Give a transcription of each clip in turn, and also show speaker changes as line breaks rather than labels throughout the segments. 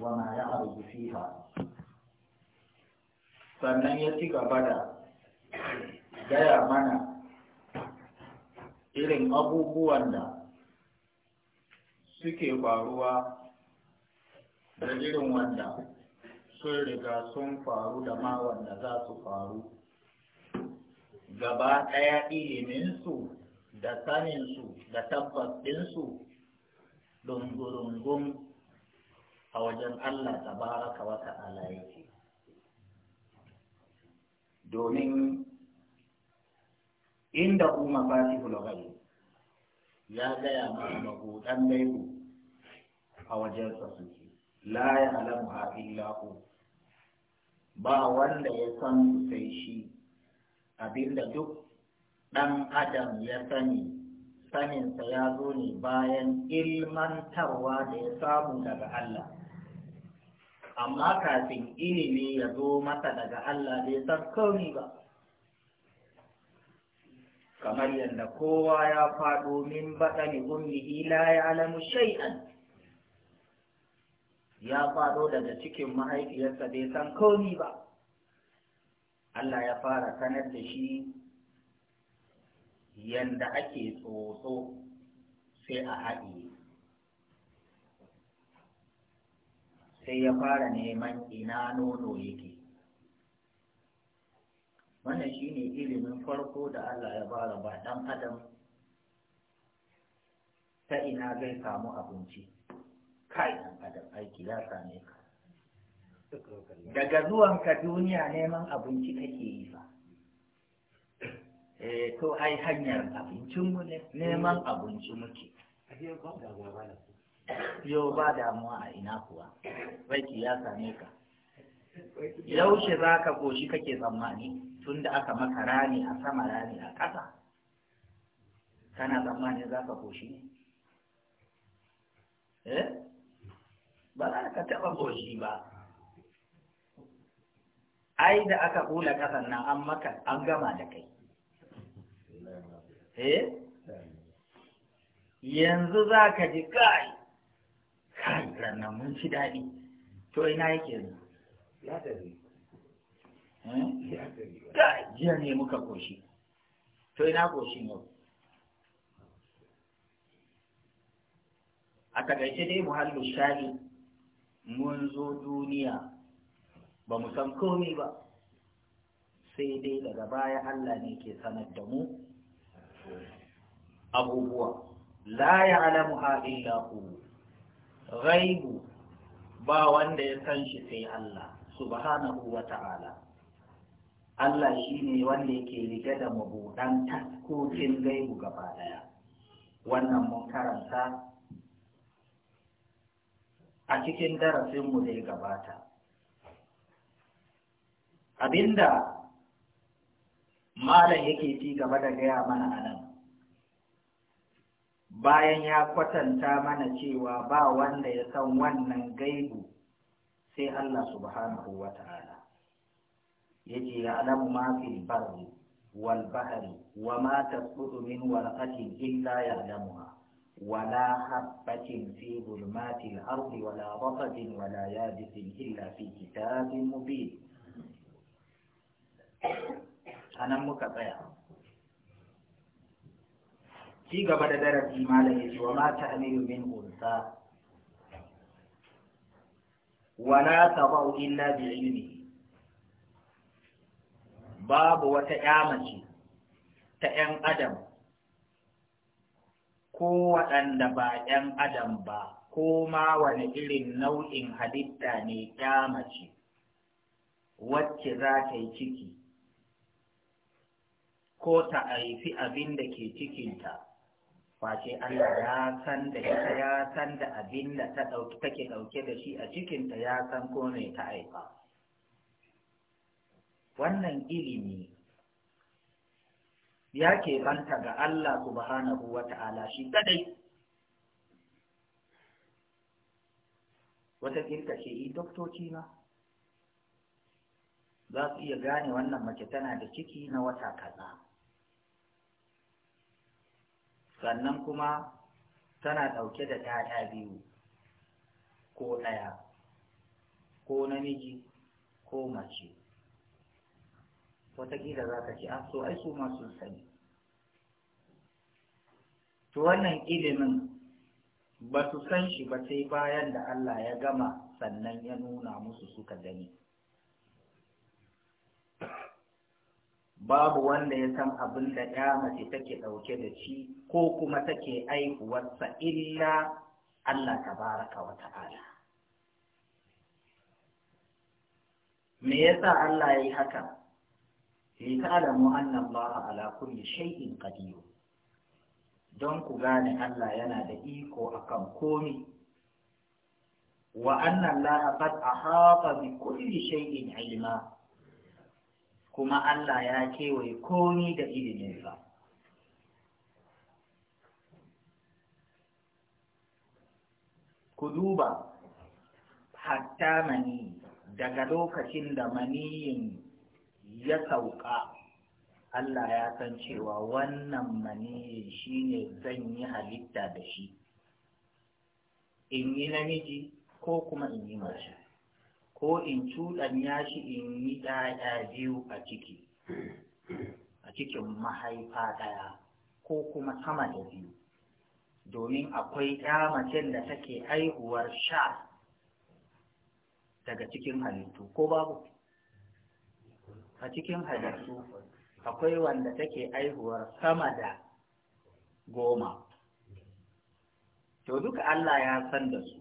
وما يعرض فيها sannan ya ci gaba da gaya mana irin abubuwan da suke faruwa da irin wanda sun riga sun faru da ma wanda za su faru gaba ɗaya iliminsu da saninsu da tabbas ɗinsu dungurungun a wajen Allah ta tabaraka wa ta'ala yake domin inda ba fatihul ghaib ya gaya mana mahudan laifu a wajen sa suke la ya'lamuha illa hu ba wanda ya san sai shi abinda duk ɗan adam ya sani saninsa ya zo ne bayan ilmantarwa da ya samu daga Allah amma kafin ilimi ya zo masa daga Allah bai san kauni ba kamar yadda kowa ya faɗo min baɗa baɗani ummihi la ya'lamu shay'an ya faɗo daga cikin mahaifiyarsa bai san kauni ba Allah ya fara sanar da shi yanda ake tsotso sai a haɗiye sai ya fara neman ina nono yake wannan shine ilimin farko da Allah ya fara ba dan adam ta ina zai samu abinci kai dan adam aiki ya same ka daga zuwanka duniya neman abinci kake yi fa eh to ai hanyar abincinmu ne neman abinci muke yau ba damuwa a ina kuwa baiki ya same ka yaushe za ka goshi kake tsammani tun da aka maka rani a sama rani a ƙasa kana tsammani za ka goshi ne eh? ba za ka taɓa goshi ba ai da aka ƙula ƙasan nan an maka an gama da kai eh? yanzu za ka ji kai kai ranar mun ci daɗi to ina yake ne ya tafi kai eh? jiya ne muka koshi to ina koshin yau a takaice dai muhallu shari mun zo duniya ba mu san komai ba sai dai daga baya Allah ne ke sanar da mu abubuwa la ya alamu ha illa ku ghaibu ba wanda ya san shi sai Allah subhanahu wa ta'ala Allah shi ne wanda yake rike da mabuɗan taskokin gaibu gaba ɗaya wannan mun karanta a cikin darasinmu da ya gabata abinda malam yake ci gaba da gaya mana anan. bayan ya kwatanta mana cewa ba wanda ya san wannan gaibu sai Allah subhanahu wa ta'ala yace ya alamu ma fil barri wal bahri wa ma tasqutu min warqatin illa ya'lamuha ولا حبة في ظلمات الأرض ولا رطب ولا illa fi kitabin mubin. anan muka tsaya. ci gaba da darasi malam ya ce wa ma ta'milu min unsa wala tabau illa bi ilmi babu wata mace ta 'yan adam ko waɗanda ba 'yan adam ba ko ma wani irin nau'in halitta ne mace wacce za ta yi ciki ko ta haifi abin da ke cikinta face Allah ya san da ita ya san da abin da ta ɗauki take ɗauke da shi a cikinta ya san ko ne ta aika. Wannan ilimi ya banta ga Allah subhanahu wa ta'ala shi kadai. Wata kinta ce yi eh, doktoci na? za su iya gane wannan mace tana da ciki na wata kaza. sannan kuma tana ɗauke da ‘ya'ya biyu ko ɗaya ko namiji ko mace wataƙila za ka ce a ah, so ai su masu sani to wannan ilimin ba su san shi ba sai bayan da Allah ya gama sannan ya nuna musu suka gani babu wanda ya san abin da ya mace take ɗauke da shi ko kuma take aihuwarsa illa Allah tabaraka wa ta'ala me yasa Allah yayi haka li ta'lamu anna Allah ala kulli shay'in qadir don ku gane Allah yana da iko akan komi wa anna Allah qad ahata bi kulli shay'in ilma kuma Allah ya kewaye komi da iliminsa. Ku duba, hatta mani daga lokacin da maniyin ya sauka, Allah ya san cewa wannan maniyin shine zan yi halitta da shi, in yi namiji ko kuma in yi mace. ko in cuɗanya shi in yi ɗaya biyu a ciki a cikin mahaifa ɗaya ko kuma sama da biyu domin akwai macen da take aihuwar sha daga cikin halittu ko babu a cikin halittu akwai wanda take aihuwar sama da goma to duka Allah ya san da su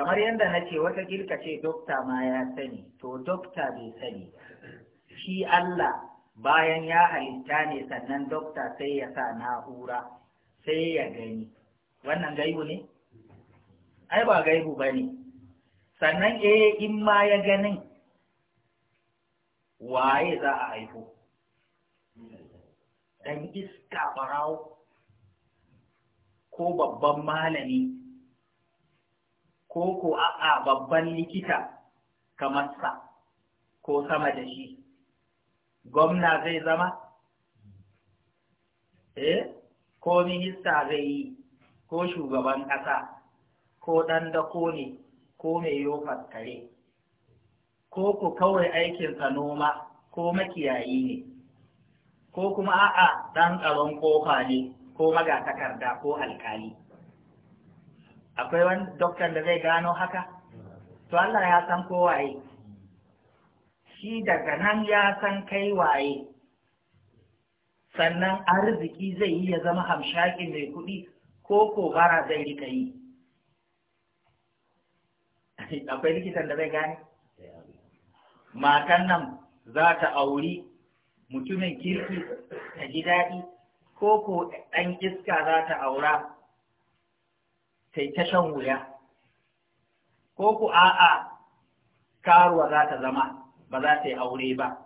kamar yadda na ce wata ka ce dokta ma ya sani to dokta bai sani shi Allah bayan ya halitta ne sannan dokta sai ya sa na'ura sai ya gani wannan gaibu ne ai ba gaibu ba ne sannan e, in ma ya ganin waye za a haifo dan iska barawo ko babban malami ko ko a'a babban likita kamar sa ko sama da shi gwamna zai zama eh ko minista zai yi ko shugaban ƙasa ko ɗan ko ne ko mai yofar kare ko ku kawai aikinsa noma ko makiyayi ne ko kuma a'a ɗan tsaron ƙofa ne ko magatakarda ko alkali. akwai wani doktan da zai gano haka to Allah ya san ko waye shi daga nan ya san kai waye sannan arziki zai yi ya zama hamshaki mai kuɗi ko ko bara zai rika yi akwai likitan da zai gane matan nan za ta auri mutumin kirki ta ji daɗi ko ko ɗan iska za ta aura yi ta shan wuya ko ku a'a karuwa za ta zama ba za ta yi aure ba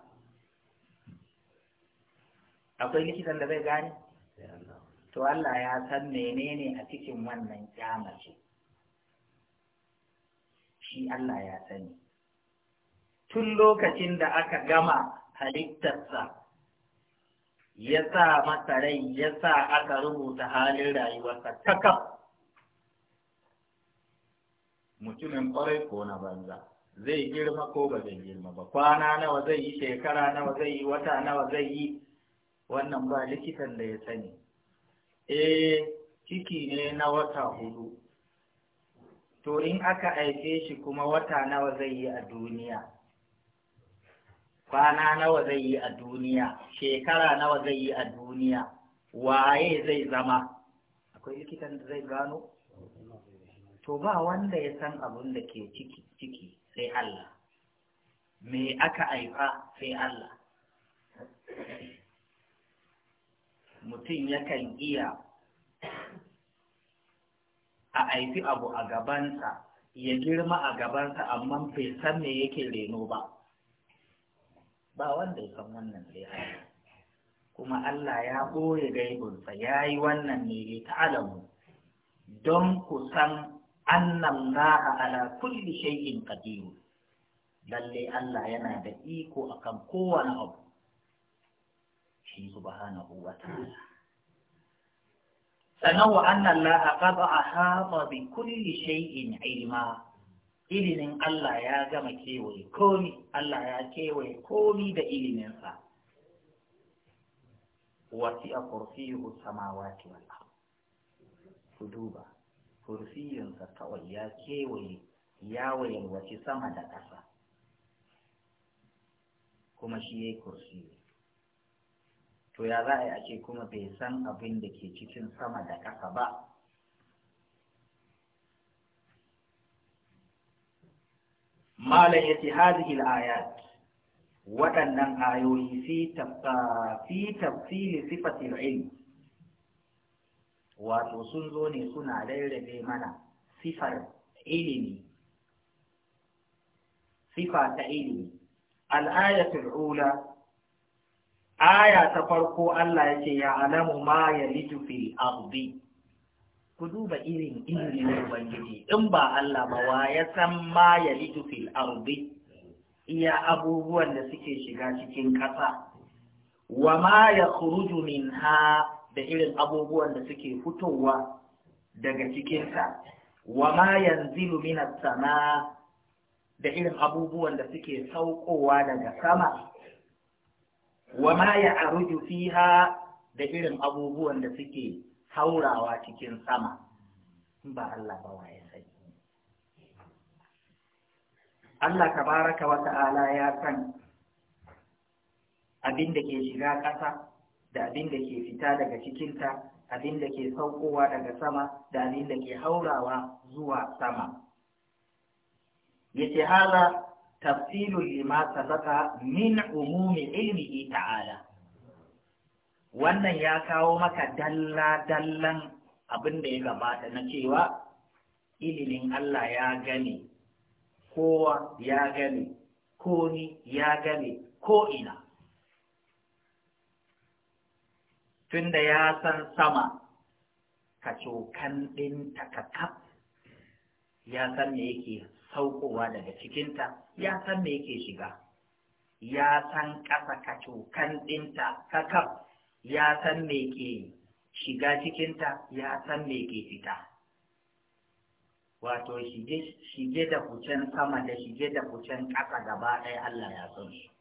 akwai likitan da zai gane to Allah ya san menene a cikin wannan kyamace shi Allah ya sani tun lokacin da aka gama halittarsa ya sa masa rai ya sa aka rubuta halin rayuwarsa takaf mutumin kwarai ko na banza zai girma ko ba zai girma ba kwana nawa zai yi shekara nawa zai yi wata nawa zai yi wannan ba likitan da ya sani eh ciki ne na wata hudu to in aka aike shi kuma wata nawa zai yi a duniya kwana nawa zai yi a duniya shekara nawa zai yi a duniya waye zai zama akwai likitan da zai gano to ba wanda ya san abin da ke ciki ciki sai Allah me aka aifa sai Allah mutum yakan iya a aifi abu a gabansa ya girma a gabansa amma bai san me yake reno ba ba wanda ya san wannan sai Allah kuma Allah ya ɓoye gaibunsa ya yi wannan ne alamu don ku san anna allaha ala kulli shay'in qadir lalle Allah yana da iko akan kowane abu shi subhanahu wa ta'ala sannan wa anna allaha qad ahata bi kulli shay'in ilma ilimin Allah ya gama kewaye komi Allah ya kewaye komi da iliminsa wasi a samawati wal ardh ku duba kursiyinsa kawai ya kewaye ya waje sama da ƙasa kuma shi ya yi kursiyi to ya za a yi ake kuma bai san abin da ke cikin sama da ƙasa ba malam ya ce hadihil ayat waɗannan ayoyi fi tafsiri sifatil ilmi wato sun zo ne suna rarrabe mana sifar ilimi sifa ta ilimi al'ayatul ula aya ta farko Allah ya ce ya alamu ma ya litu fil ardi ku duba irin ilimin ubangiji in ba Allah ba wa ya san ma ya litu fil ardi iya abubuwan da suke shiga cikin ƙasa wa ma ya khuruju ha? da irin abubuwan da suke fitowa daga cikinsa wa ma yanzilu minas sama da irin abubuwan da suke saukowa daga sama wa ma ya'ruju fiha da irin abubuwan da suke haurawa cikin sama ba Allah ba waye sai Allah tabaraka wa ta'ala ya san abin da ke shiga ƙasa da abin da ke fita daga cikinta abin da ke saukowa daga sama da abin da ke haurawa zuwa sama yace haza tafsilun lima sabaka min umumi ilmihi ta'ala wannan ya kawo maka dalla dallan abin da ya gabata na cewa ilimin Allah ya gane kowa ya gane ko ni ya gane ko ina tunda ya san sama ka cokan ɗinta ka ya san me yake saukowa daga cikinta ya san me yake shiga ya san ƙasa ka cokan ɗinta ka ya san me ke shiga cikinta ya san me ke fita wato shige da kucin sama da shige da kucin ƙasa gaba ɗaya Allah ya san su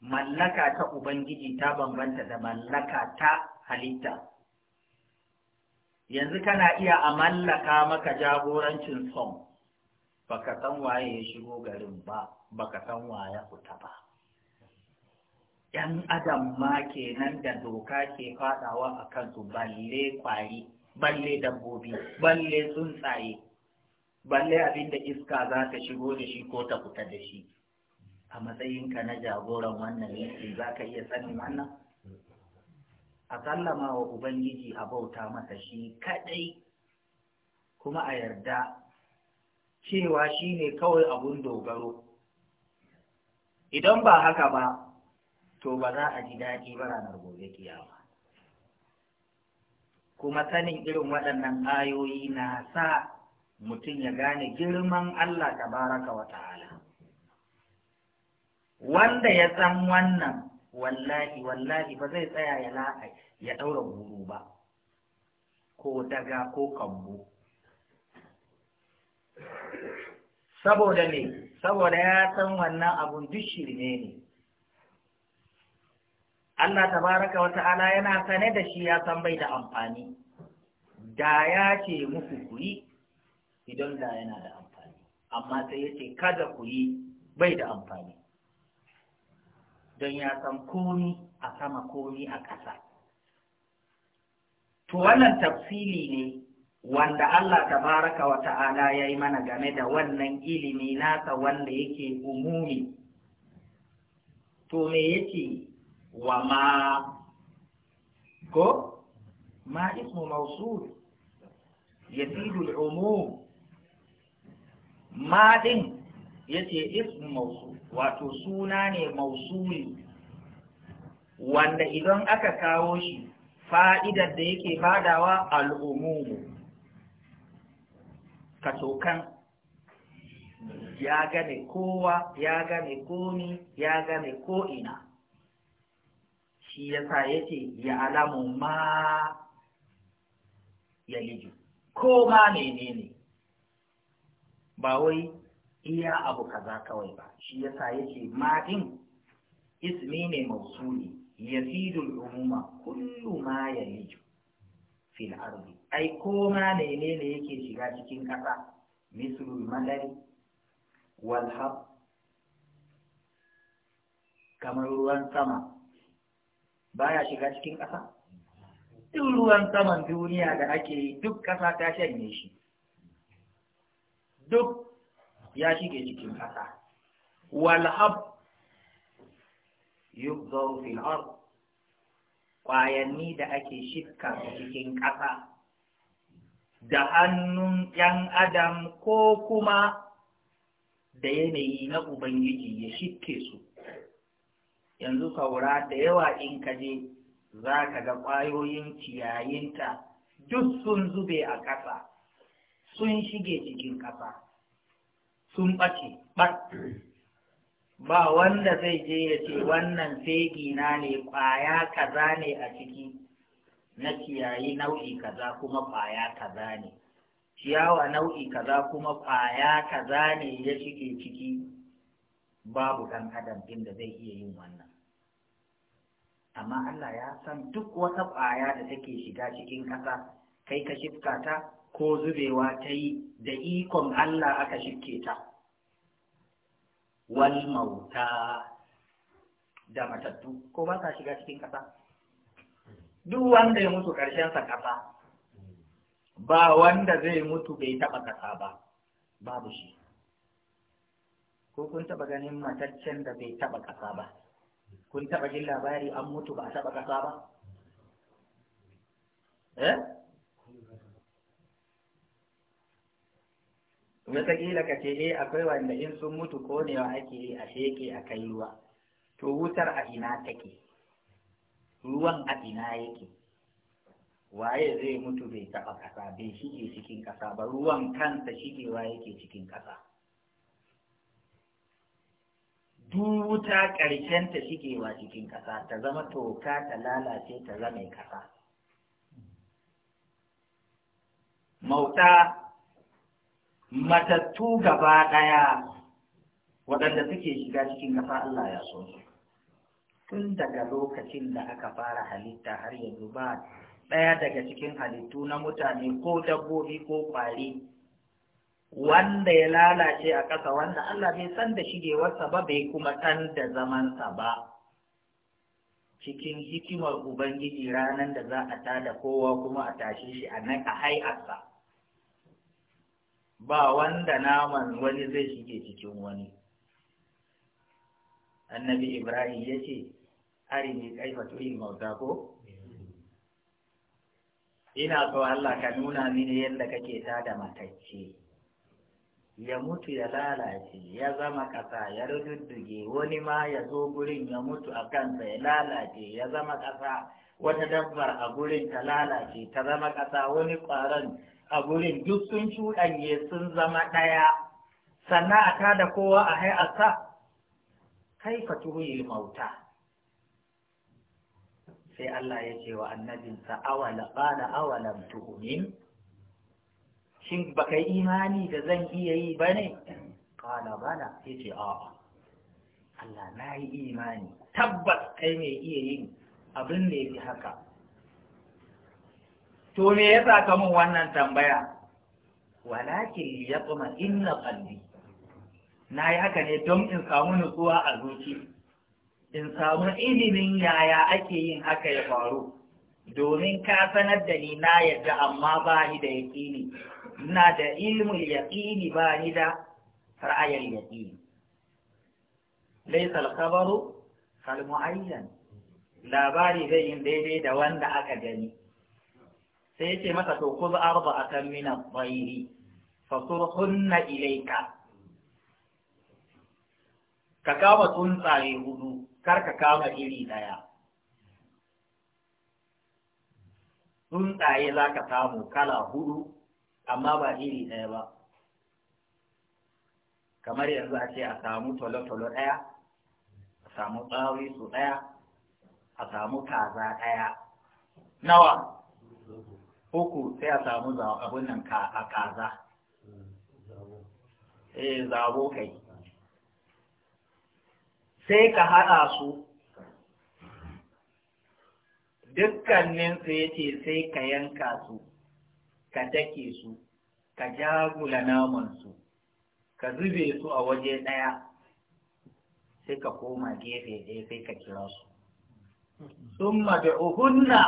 mallaka ta ubangiji ta bambanta da mallaka ta halitta yanzu kana iya a mallaka maka jagorancin son baka san waye ya shigo garin ba baka san waye fita ba ‘yan adam ma kenan da doka ke fadawa a kansu balle kwari balle dabbobi balle tsuntsaye balle abinda iska za ta shigo da shi ko ta fita da shi a matsayinka na jagoran wannan yankin za ka iya sanin wannan a sallama wa ubangiji a bauta masa shi kadai kuma a yarda cewa shi ne kawai abun dogaro idan ba haka ba to ba za a ji daɗi ba ranar gobe kiyama kuma sanin irin waɗannan ayoyi na sa mutum ya gane girman Allah ta wata ta'ala wanda ya san wannan wallahi wallahi ba zai tsaya ya la'a ya ɗaura guru ba ko daga ko kambu saboda ne saboda ya san wannan abun duk shirme ne Allah tabaraka wa ta'ala yana sane da shi ya san bai da amfani da ya ce muku ku yi idan da yana da amfani amma sai ya ce kada ku yi bai da amfani don ya san komi a sama komi a ƙasa. To wannan tafsili ne wanda Allah baraka wa ta'ala ya yi mana game da wannan ilimi nasa wanda yake umumi. To me yake wa ma ko? Ma ismu mausul, yasidul umum, ma ɗin yace ismu mausu wato suna ne mausuli wanda idan aka kawo shi fa'idar da yake badawa al'umumu katokan ya gane kowa ya gane komi ya gane ko'ina shi yasa yace ya alamu ma ya liju ko ma menene ba wai iya abu kaza kawai ba shi yasa yake ma din ismi ne mausuli yafidu al-umuma kullu ma yaliju fil ardi ai koma menene yake shiga cikin kasa mislul madari wal hab kamar ruwan sama baya shiga cikin kasa duk ruwan saman duniya da ake yi duk kasa ta shanye shi duk ya shige cikin ƙasa walhab yubzaru fil ard da ake shifka cikin ƙasa da hannun ‘yan adam ko kuma da yanayi na Ubangiji ya shifke su. Yanzu kaura da yawa in ka je za ka ga ƙwayoyin ciyayinta duk sun zube a ƙasa, sun shige cikin ƙasa. sun ɓace ɓat ba wanda zai je ya ce wannan na ne ƙwaya kaza ne a ciki na ciyayi nau'i kaza kuma ƙwaya kaza ne ciyawa nau'i kaza kuma ƙwaya kaza ne ya shige ciki babu ɗan adam inda zai iya yin wannan amma Allah ya san duk wata ƙwaya da take shiga cikin ƙasa kai ka shifka ta ko zubewa ta yi da ikon Allah aka shirke ta wal mauta da matattu ko ba sa shiga cikin ƙasa duk wanda ya mutu ƙarshensa ƙasa ba wanda zai mutu bai taɓa ƙasa ba babu shi ko kun taɓa ganin mataccen da bai taɓa ƙasa ba kun taɓa jin labari an mutu ba a taɓa ƙasa ba eh wataƙila ka ce eh akwai wanda in sun mutu konewa ake yi a sheke a kai ruwa to wutar a ina take ruwan a ina yake waye zai mutu bai taɓa ƙasa bai shige cikin ƙasa ba ruwan kansa shigewa yake cikin ƙasa duk wuta ƙarshen ta shigewa cikin ƙasa ta zama toka ta lalace ta zama ƙasa mauta matattu gaba ɗaya waɗanda suke shiga cikin gafa Allah ya so su tun daga lokacin da aka fara halitta har yanzu ba ɗaya daga cikin halittu na mutane ko dabbobi ko ƙwari wanda ya lalace a ƙasa wanda Allah bai san da shigewarsa ba bai kuma san da zamansa ba cikin hikimar Ubangiji ranar da za a tada kowa kuma a tashe shi a nan a hai'arsa. ba wanda naman wani zai shige cikin wani annabi ibrahim ya ce arini kaifa tuhin mauta ko ina so Allah ka nuna mini yadda kake ta da matacce ya mutu ya lalace ya zama kasa ya rududduge wani ma ya zo gurin ya mutu a kansa ya lalace ya zama kasa wata dabbar a gurin ta lalace ta zama kasa wani kwaron a gurin duk sun cuɗanye sun zama ɗaya sannan a tada kowa a hai'arsa kai fa tuhuyi mauta sai Allah ya ce wa annabinsa awala qala awalam tu'min shin baka imani da zan iya yi bane qala bala yace a Allah na yi imani tabbas kai ne iya yin abin da ya haka to me yasa ka min wannan tambaya walakin kuma inna qalbi na yi haka ne don in samu nutsuwa a zuci in samu ilimin yaya ake yin haka ya faru domin ka sanar da ni na yadda amma ba ni da yaƙini ina da ilmul yaƙini ba ni da ra'ayar yaƙini laisa al-khabaru kal labari zai yin daidai da wanda aka gani sai ce masa to a kan mina at fa fasurhunna ilayka ka kama tsuntsaye hudu kar ka kama iri daya tsuntsaye za ka samu kala hudu amma ba iri daya ba kamar yanzu a ce a samu tolo-tolo daya a samu tsawi su daya a samu kaza daya nawa uku sai a samu abin nan a kaza eh zabo kai sai ka haɗa su dukkaninsu ya ce sai ka yanka su ka dake su ka jagula namansu ka zube su a waje ɗaya sai ka koma gefe ɗaya sai ka kira su sun mabi'uhunna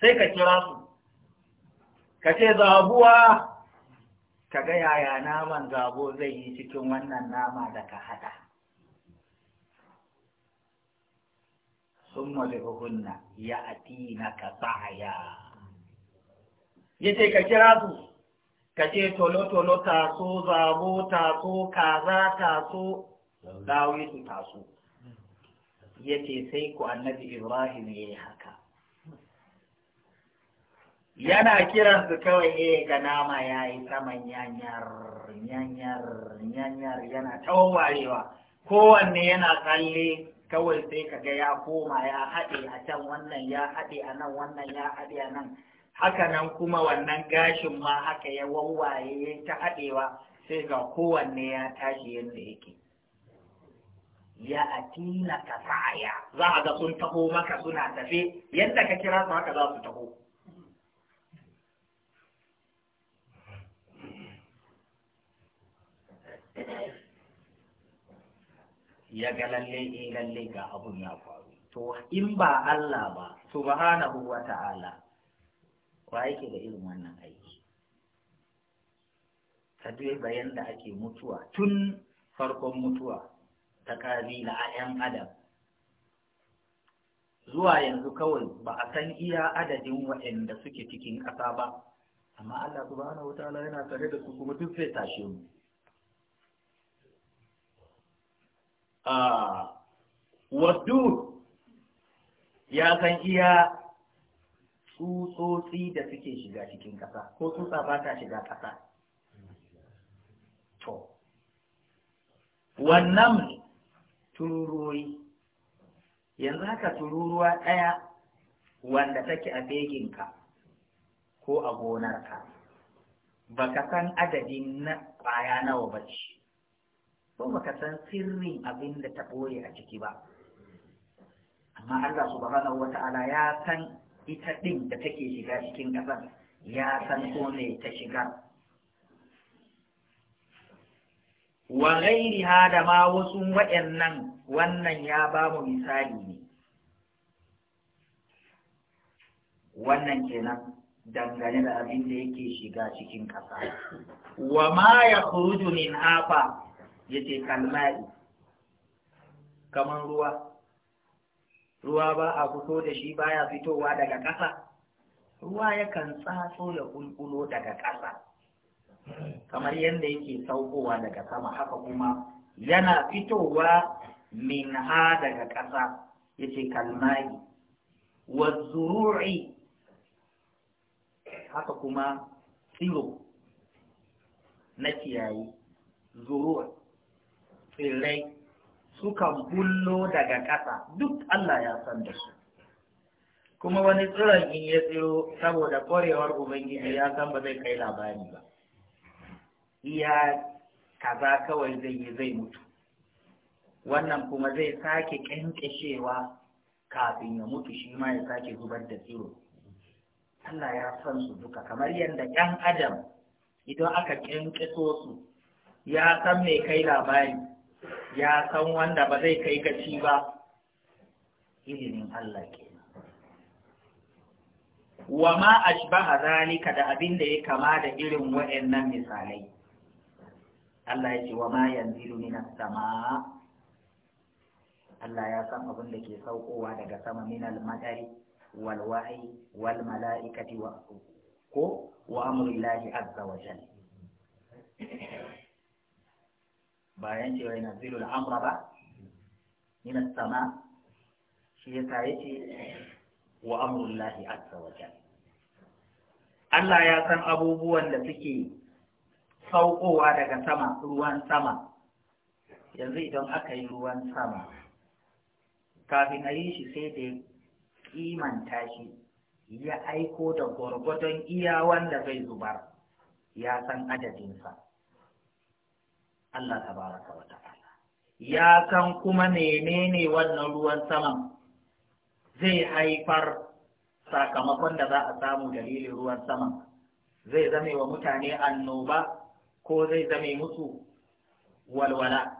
sai ka kira su ka ce zabuwa ka ga yaya naman zabo zai yi cikin wannan nama da ka haɗa sun mazuhunna ya atina ka Ya yace ka kira su ka ce tolo-tolo taso zabo taso kaza taso dawisu taso yace sai ku annabi ibrahim ya yi haka yana kiran su kawai eh ga nama yayi yi saman yanyar yanyar yanyar yana tawarewa kowanne yana tsalle kawai sai kaga ya koma ya haɗe a can wannan ya haɗe a nan wannan ya haɗe a nan haka nan kuma wannan gashin ma haka ya wawaye ya ta haɗewa sai ga kowanne ya tashi yadda yake ya atina kasaya za a ga sun taho maka suna tafe yadda ka kira su haka za su taho ya ga lalle eh lalle ga abun ya faru to in ba Allah ba subhanahu wa ta'ala wa yake da irin wannan aiki ka bayan yanda ake mutuwa tun farkon mutuwa ta kabila a 'yan adam zuwa yanzu kawai ba a san iya adadin waɗanda suke cikin ƙasa ba amma Allah subhanahu wa ta'ala yana tare da su kuma duk zai tashe mu wadud ya san iya tsutsotsi da suke shiga cikin ƙasa ko tsutsa ba ta shiga ƙasa to wannan tururuwi yanzu haka tururuwa ɗaya wanda take a beginka ko a gonarka ba ka san adadin na ƙwaya nawa ba ce ko baka san sirrin abin da ta ɓoye a ciki ba amma Allah subhanahu wata'ala ya san ita ɗin da take shiga cikin ƙasar ya san ko me ta shiga wa gairi hada ma wasu wayannan wannan ya ba mu misali ne wannan kenan dangane da abin da yake shiga cikin ƙasa. Wa ma ya min hafa yace kalmai kaman ruwa ruwa ba a fito da shi baya fitowa daga ƙasa ruwa yakan tsaso ya ƙulƙulo daga ƙasa kamar yadda yake saukowa daga sama haka kuma yana fitowa min ha daga ƙasa yace kalmai wa zuru'i haka kuma tsiro na ciyayi zuru'i tsirrai sukan bullo daga ƙasa duk Allah ya san da su kuma wani tsiron in ya tsiro saboda ƙwarewar ubangiji ya san ba zai kai labari ba iya kaza kawai zai yi zai mutu wannan kuma zai sake ƙyanƙyashewa kafin ya mutu shi ma ya sake zubar da tsiro Allah ya san su duka kamar yadda ƴan adam idan aka ƙyanƙyaso su ya san mai kai labari ya san wanda ba zai kai gaci ba ilimin Allah ke wa ma ashbaha zalika da abin da ya kama da irin wa'annan misalai Allah ya ce wa ma yanzilu minas sama Allah ya san abin da ke saukowa daga sama minal madari wal wa'i wal mala'ikati wa ko wa amru azza wa bayan cewa yana zilul amra ba ina sama shi ya kayi ce wa amrullahi azza wa Allah ya san abubuwan da suke saukowa daga sama ruwan sama yanzu idan aka yi ruwan sama kafin a yi shi sai da kimanta shi ya aiko da gwargwadon iya wanda zai zubar ya san adadinsa Allah tabaraka wa ta'ala ya san kuma menene wannan ruwan saman zai haifar sakamakon da za a samu dalilin ruwan saman zai zame wa mutane annoba ko zai zame musu walwala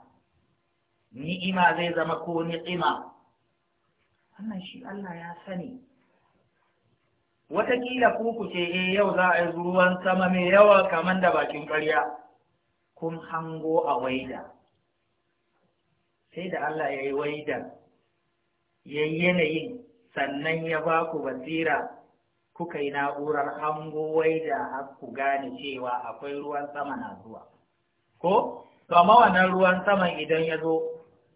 ni'ima zai zama ko ni'ima wannan shi Allah ya sani Wataƙila ku ku ce "E yau za a yi ruwan sama mai yawa kamar da bakin ƙarya kun hango a waida sai da Allah ya yi waida ya yi yanayin sannan ya ba ku basira kuka yi na'urar hango waida har ku gane cewa akwai ruwan sama na zuwa ko to wannan ruwan sama idan ya zo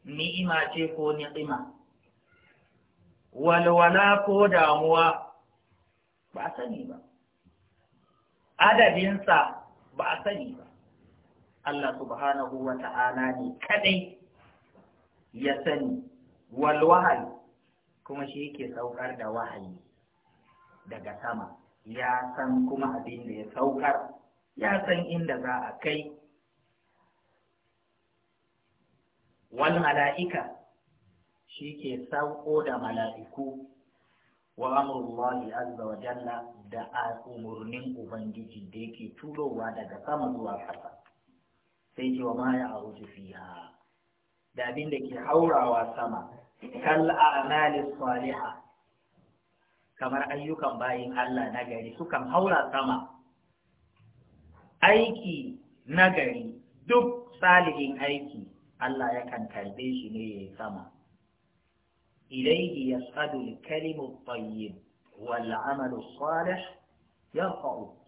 ni'ima ce ko ni'ima walwala ko damuwa ba sani ba adadinsa ba sani ba Allah subhanahu wa ta'ala ne kadai ya sani wal wahayi kuma shi yake saukar da wahayi daga sama ya san kuma abin da ya saukar ya san inda za a kai wal mala'ika shi ke sauko da mala'iku wa amurullahi azza wa jalla da umurnin ubangiji da yake turowa daga sama zuwa ƙasa sai ce wa ma ya auzu da abin da ke haurawa sama kal a'mali salihah kamar ayyukan bayin Allah na gari sukan haura sama aiki na gari duk salihin aiki Allah yakan karbe shi ne ya sama ilaihi yas'adu al-kalimu at-tayyib wal 'amalu as-salih yarfa'u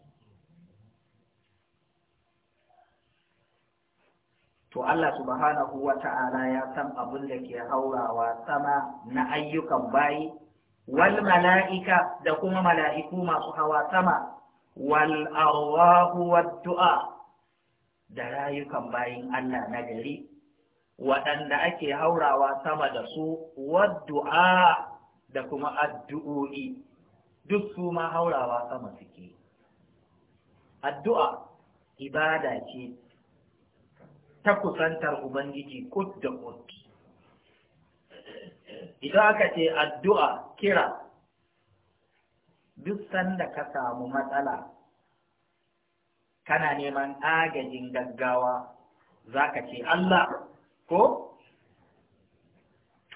to Allah subhanahu wa ta'ala ya san abin da ke haurawa sama na ayyukan bayi wal mala'ika da kuma mala'iku masu hawa sama wal arwahu du'a da rayukan bayin Allah na gari waɗanda ake haurawa sama da su wa du'a da kuma addu'o'i duk su ma haurawa sama suke addu'a ibada ce ta kusantar Ubangiji kut da kut. Idan aka ce addu'a kira, duk sanda ka samu matsala, kana neman agajin gaggawa za ka ce Allah ko?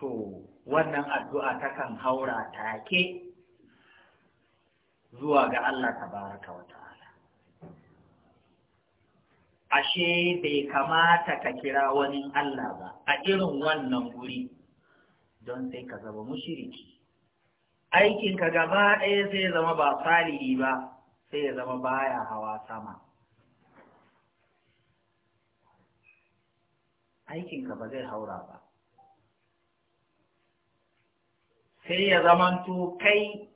To, wannan addu'a takan haura take zuwa ga Allah ta baraka wata. ashe bai kamata ka kira wani Allah ba a irin wannan guri don sai ka zama mushiriki aikinka gaba ɗaya sai ya zama ba salihi ba sai ya zama baya hawa sama aikinka ba zai haura ba sai ya zamanto kai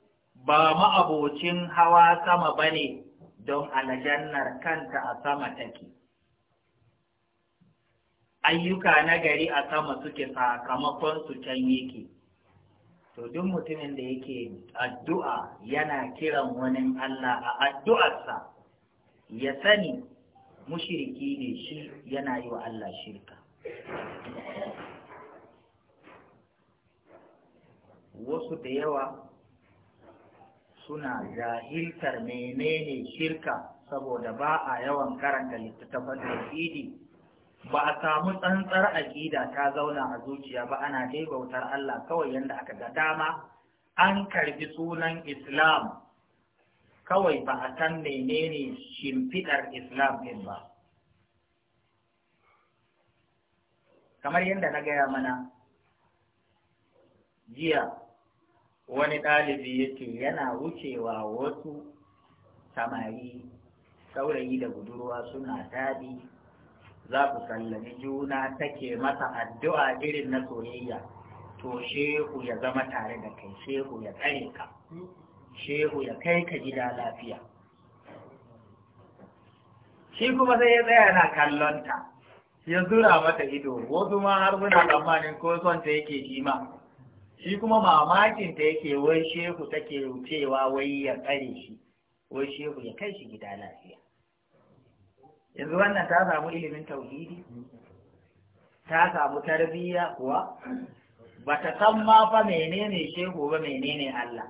ba ma'abocin hawa sama ba ne don aljannar kanta a sama take. ayyuka na gari a sama suke sakamakon su can yake to duk mutumin da yake addu'a yana kiran wani Allah a addu'arsa ya sani mushiriki ne shi yana yi wa Allah shirka wasu da yawa suna jahiltar menene shirka saboda ba a yawan karanta littattafan da tauhidi ba a samu tsantsar aƙida ta zauna a zuciya ba ana dai bautar Allah kawai yadda aka ga dama an karbi sunan Islam kawai ba a san menene shimfiɗar Islam ɗin ba. Kamar yadda na gaya mana jiya wani ɗalibi yake yana wucewa wasu samari saurayi da budurwa suna daɗi za ku sallami juna take masa addu'a irin na soyayya to shehu ya zama tare da kai shehu ya tsare ka shehu ya kai ka gida lafiya shi kuma sai ya tsaya na kallonta ya zura mata ido wasu ma har suna tsammanin ko son ta yake shi ma shi kuma mamakin ta yake wai shehu take wucewa, wai ya tsare shi wai shehu ya kai shi gida lafiya yanzu wannan ta samu ilimin tauhidi ta samu tarbiyya kuwa ba ta san ma fa menene shehu ba menene Allah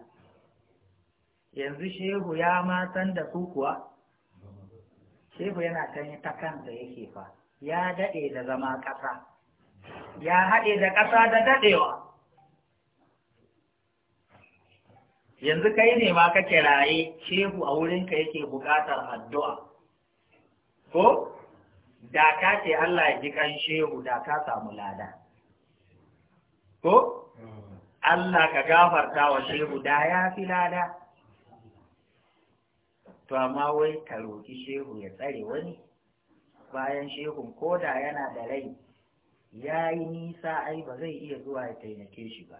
yanzu shehu ya ma san da su kuwa shehu yana kan ta kansa yake fa ya daɗe da zama ƙasa ya haɗe da ƙasa da daɗewa yanzu kai ne ma kake raye shehu a wurinka yake buƙatar addu'a ko da ka ce Allah ya ji kan shehu da ka samu lada ko Allah ka gafarta wa shehu da ya fi lada to amma wai ka roki shehu ya tsare wani bayan shehun da yana da rai ya yi nisa ai ba zai iya zuwa ya taimake shi ba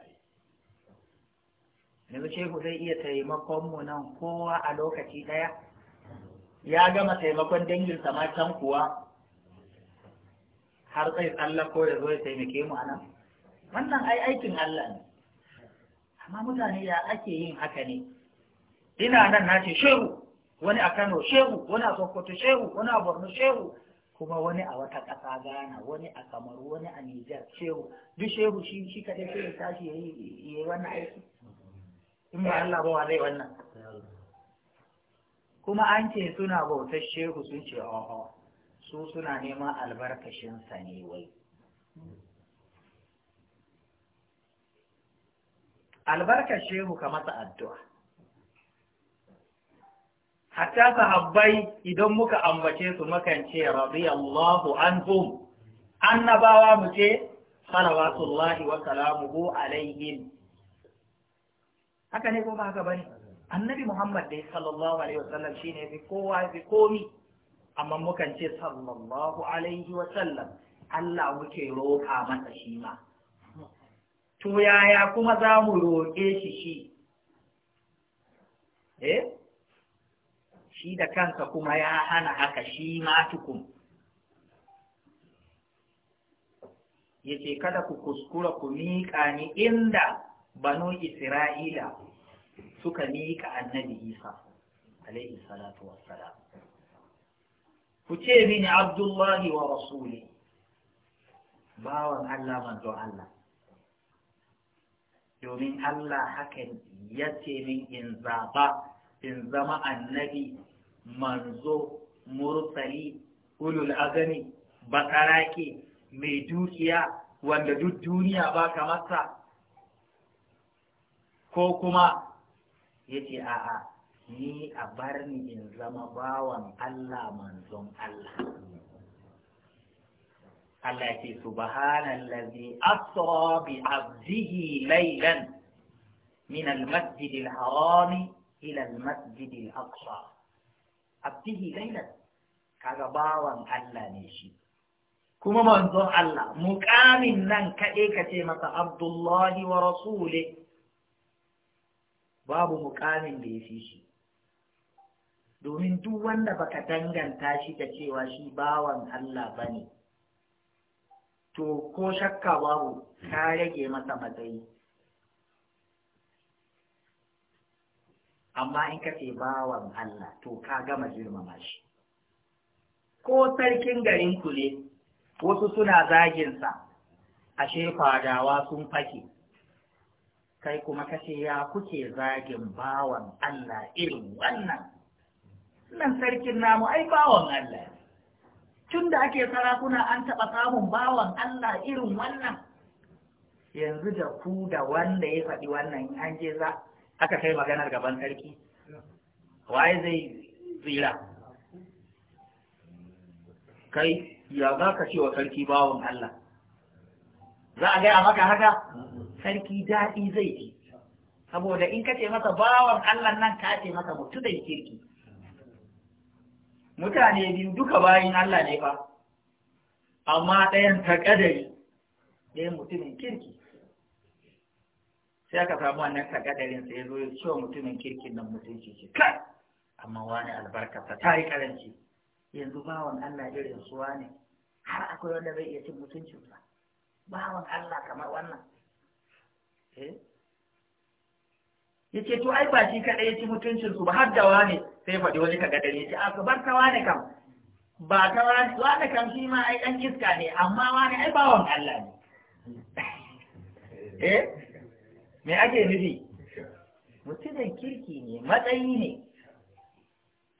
yanzu shehu zai iya taimakon mu nan kowa a lokaci ɗaya ya gama taimakon dangin ma kuwa har zai tsallako ya zo ya taimake mu anan wannan ai aikin Allah ne amma mutane ya ake yin haka ne ina nan na ce shehu wani a Kano shehu wani a Sokoto shehu wani a Borno shehu kuma wani a wata ƙasa Ghana wani a Kamaru wani a Niger shehu duk shehu shi shi kadai sai ya tashi yayi wannan aiki in ba Allah ba wa zai wannan kuma an ce suna bautar shehu sun ce oho su suna neman albarkashinsa ne wai albarkar shehu ka masa addu'a hatta sahabbai idan muka ambace su makan ce radiyallahu anhum annabawa mu ce salawatullahi wa salamuhu alaihim haka ne ko ba haka bane annabi muhammad dai sallallahu alaihi wasallam shine fi kowa fi komi amma mukan ce sallallahu alaihi wasallam Allah muke roƙa masa shi ma to yaya kuma za mu roƙe shi shi eh shi da kanka kuma ya hana haka shi ma tukun yace kada ku kuskura ku miƙa ni inda banu isra'ila suka miƙa annabi isa alaihi salatu wassalam ku ce mini abdullahi wa rasuli bawan allah manzo allah domin allah hakan ya ce min in zaba in zama annabi manzo mursali ulul azami bakarake mai dukiya wanda duk duniya ba masa ko kuma ya ce a'a ni a bar ni in zama bawan Allah manzon Allah Allah ya ce subhanallazi asra bi abdihi laylan min al-masjid al-haram ila al-masjid al-aqsa abdihi laylan kaga bawan Allah ne shi kuma manzon Allah muƙamin nan kaɗai ka ce masa abdullahi wa rasule babu mukamin da ya fi shi domin duk wanda baka danganta shi da cewa shi bawan Allah ba ne to ko shakka babu ka rage masa matsayi amma in ka ce bawan Allah to ka gama girmama shi ko sarkin garin kule wasu suna zaginsa ashe fadawa sun fake kai kuma kace ya kuke zagin bawan Allah irin wannan nan sarkin namu ai bawan Allah tun da ake sarakuna an taɓa samun bawan Allah irin wannan yanzu da ku da wanda ya faɗi wannan an je za aka kai maganar gaban sarki waye zai tsira kai ya za ka ce wa sarki bawan Allah za a gaya maka haka sarki daɗi zai yi saboda in ka ce masa bawan Allah nan ka ce masa mutu da kirki mutane biyu duka bayin Allah ne fa amma ɗayan ta kadari ne mutumin kirki sai aka samu wannan ta kadarin sai ya zo ya ciwo mutumin kirkin nan mutunci ce kai amma wani albarkarsa ta yi karanci. yanzu bawan Allah irin su ne. har akwai wanda zai iya cin mutuncinsa bawan Allah kamar wannan eh? ya ce to ai ba shi kaɗai ya ci mutuncinsu ba har da wane sai faɗi wani ka dare ya ce a bar ta wane kam ba ta wane wane kam shi ma ai ɗan iska ne amma wane ai bawan Allah ne eh? eh me ake nufi mutumin kirki ne matsayi ne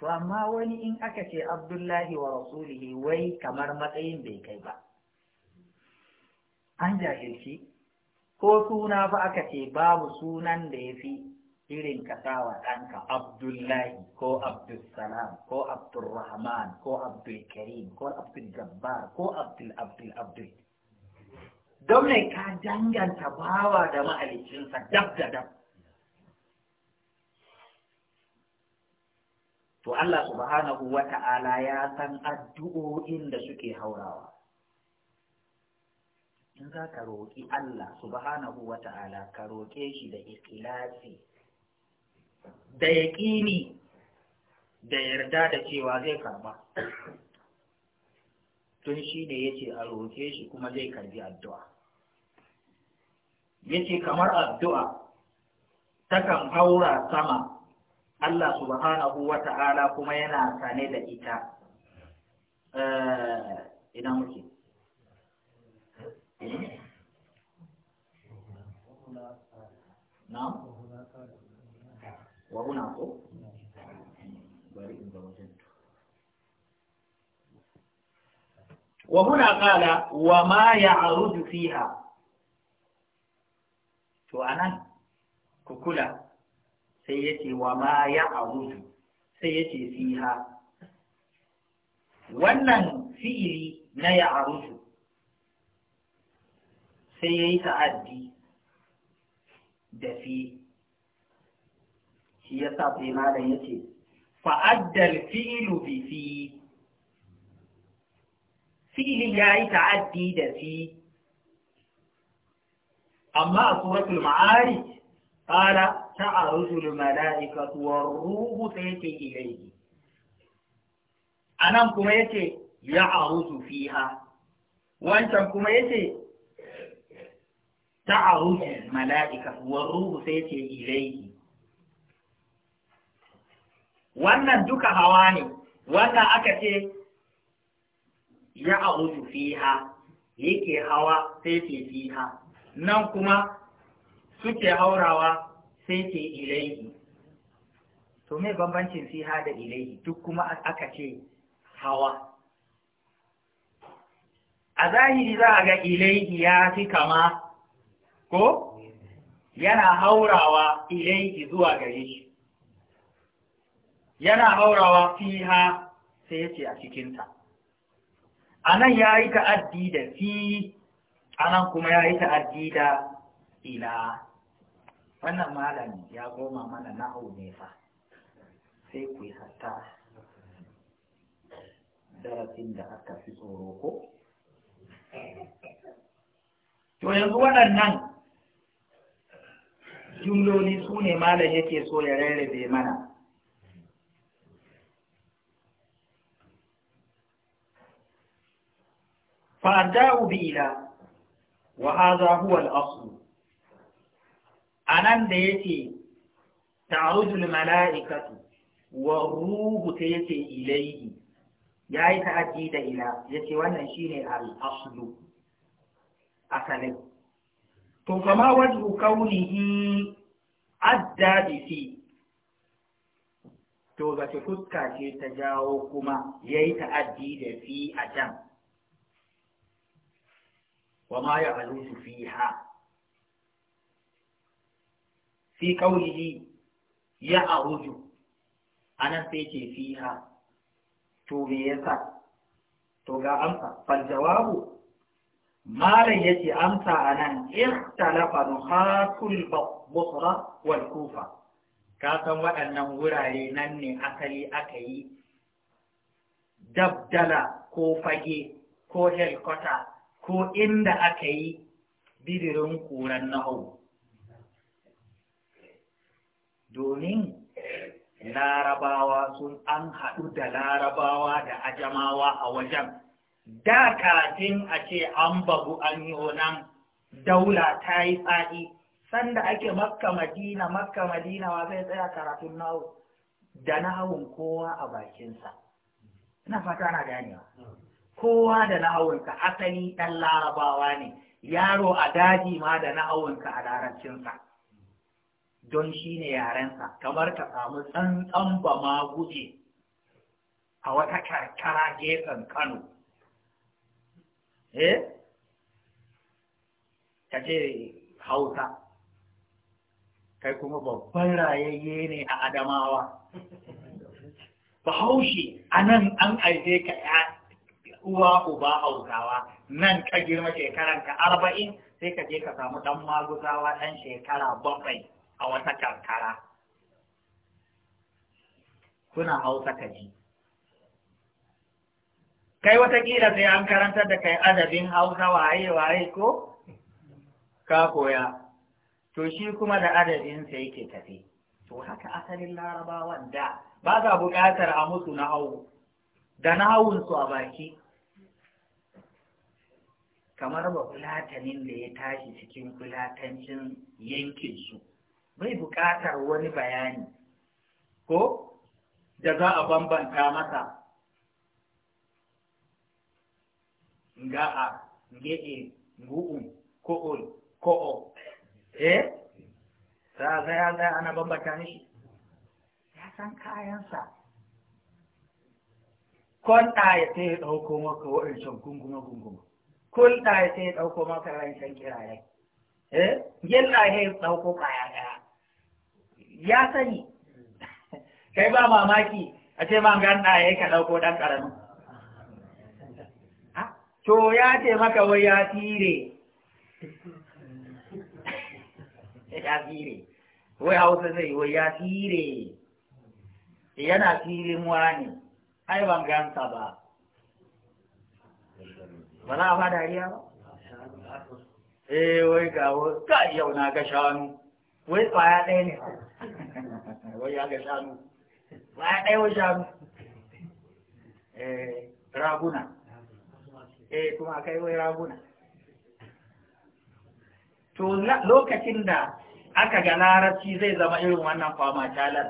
to amma wani in aka ce abdullahi wa rasulihi wai kamar matsayin bai kai ba an jahilci ko suna fa aka ce babu sunan da ya fi irin kasawa ɗanka abdullahi ko abdulsalam ko abdulrahman ko abdulkarim ko abdulgabbar ko abdul abdul abdul don ne ka danganta bawa da ma'alicinsa dab da dab to Allah subhanahu wa ta'ala ya san addu'o'in da suke haurawa in za ka roƙi Allah subhanahu wa ta'ala ka roƙe shi da ikilasi da yaƙini da yarda da cewa zai karba tun shi ne ya ce a roƙe shi kuma zai karbi addu'a ya ce kamar addu'a takan haura sama Allah subhanahu wa ta'ala kuma yana sane da ita eh, ina na wahuna ko bari in وهنا قال وما يعرج فيها ku kula sai yace wa ma ya sai yace fiha wannan fi'ili na sai ya yi ta'addi da fi shi ya sa sai malam ya ce fa'addal fi'ilu bi fi fi'ili ya yi ta'addi da fi amma a suratul ma'ari ta ƙara ta'arujul mala'ika, war ruhu sai yake A nan kuma yace ya'aruju fiha wancan kuma yace ta'aruj mala'ika wa ruhu sai ce ilaihi wannan duka hawa ne wannan aka ce ya aruju fiha yake hawa sai ce fiha nan kuma suke haurawa sai ce ilaihi to me bambancin fiha da ilaihi duk kuma aka ce hawa a zahiri za a ga ilaihi ya fi kama ko yana haurawa ki zuwa gare shi yana haurawa fiha sai ya ce a cikinta a nan ya yi ta'addi da fi a nan kuma ya yi ta'addi da ila wannan malami ya goma mana na ne fa sai ku yi hatta darasin da aka fi tsoro ko to yanzu waɗannan jumloli su ne malam yake so ya rarrabe mana fa'adda'u bi ila wa haza huwa al'asu a anan da yake ta'arujul mala'ikatu wa ruhu ta yace ilayhi yi ta'addi da ila yace wannan shine al-aslu asalin to kama wajhu kaunihi adda fi to zace fuska ce ta jawo kuma yayi ta'addi da fi a can wa ma ya'alusu fiha fi kaunihi ya aruju anan sai ce fiha to me yasa to ga amsa fal jawabu malam yake amsa a nan ikhtalafa nuhatul busra wal kufa ka san waɗannan wurare nan ne asali aka yi dabdala ko fage ko helkota ko inda aka yi bidirin kuran nahu domin larabawa sun an haɗu da larabawa da ajamawa a wajen da kafin a ce an babu an yi nan daula ta yi tsadi sanda ake makka madina makka madina wa zai tsaya karatun nawo da nahawun kowa a bakinsa ina fata na ganewa kowa da nahawunka asali ɗan larabawa ne yaro a daji ma da nahawunka a larabcinsa don shi ne yarensa kamar ka samu tsantsan ba ma guje a wata karkara gefen kano eh ka hausa kai kuma babban rayayye ne a adamawa bahaushe a nan an aize ka uwa uba hausawa nan ka girma shekaran ka arba'in sai ka je ka samu ɗan maguzawa ɗan shekara bakwai a wata karkara kuna hausa ka ji kai watakila sai an karantar da kai adabin hausa waye waye ko ka koya to shi kuma da adabinsa yake tafi to haka asalin larabawan da ba za buƙatar a musu na hau da na su a baki kamar ba fulatanin da ya tashi cikin kulatancin fulatancin su bai buƙatar wani bayani ko da za a bambanta masa nga'a nge'e ngu'u ko'ol ko'o eh sa ga ya ga ana bambata mishi ya san kayansa kwanta ya sai ya ɗauko maka wa'ancan gunguma gunguma kulta ya sai ya ɗauko maka rancen kirayen eh gilla ya ɗauko kaya ɗaya ya sani kai ba mamaki a ce man ganda ya ka ɗauko ɗan ƙaramin to ya ce maka wai ya tire ya tire wai hausa zai wai ya tire yana tire muwa ne ai ban gansa ba ba za a fa dariya ba eh wai ga ka yau na ga shanu wai tsaya ɗaya ne wai ya ga shanu tsaya ɗaya wai shanu eh raguna eh kuma akai wai raguna to lokacin da aka ga larabci zai zama irin wannan kwama talar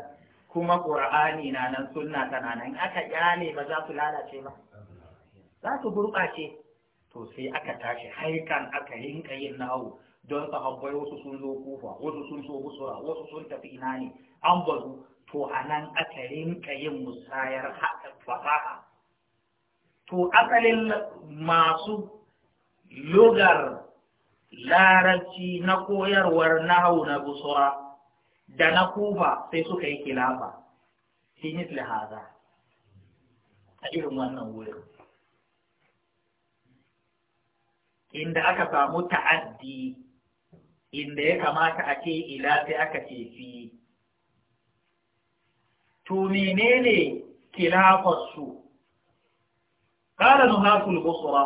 kuma qurani na nan sunna tana nan aka kyale ba za su lalace ba za su gurɓace to sai aka tashi haikan aka rinka yin nawo don sahabbai wasu sun zo kufa wasu sun so busura wasu sun tafi ina ne an bazu to a nan aka rinka yin musayar fasaha to asalin masu lugar larabci na koyarwar nahau na busura da na kufa sai suka yi kilafa fi misli haza a irin wannan wurin inda aka samu ta'addi inda ya kamata a ce ila sai aka ce fi to menene kilafarsu kala nuhakul busura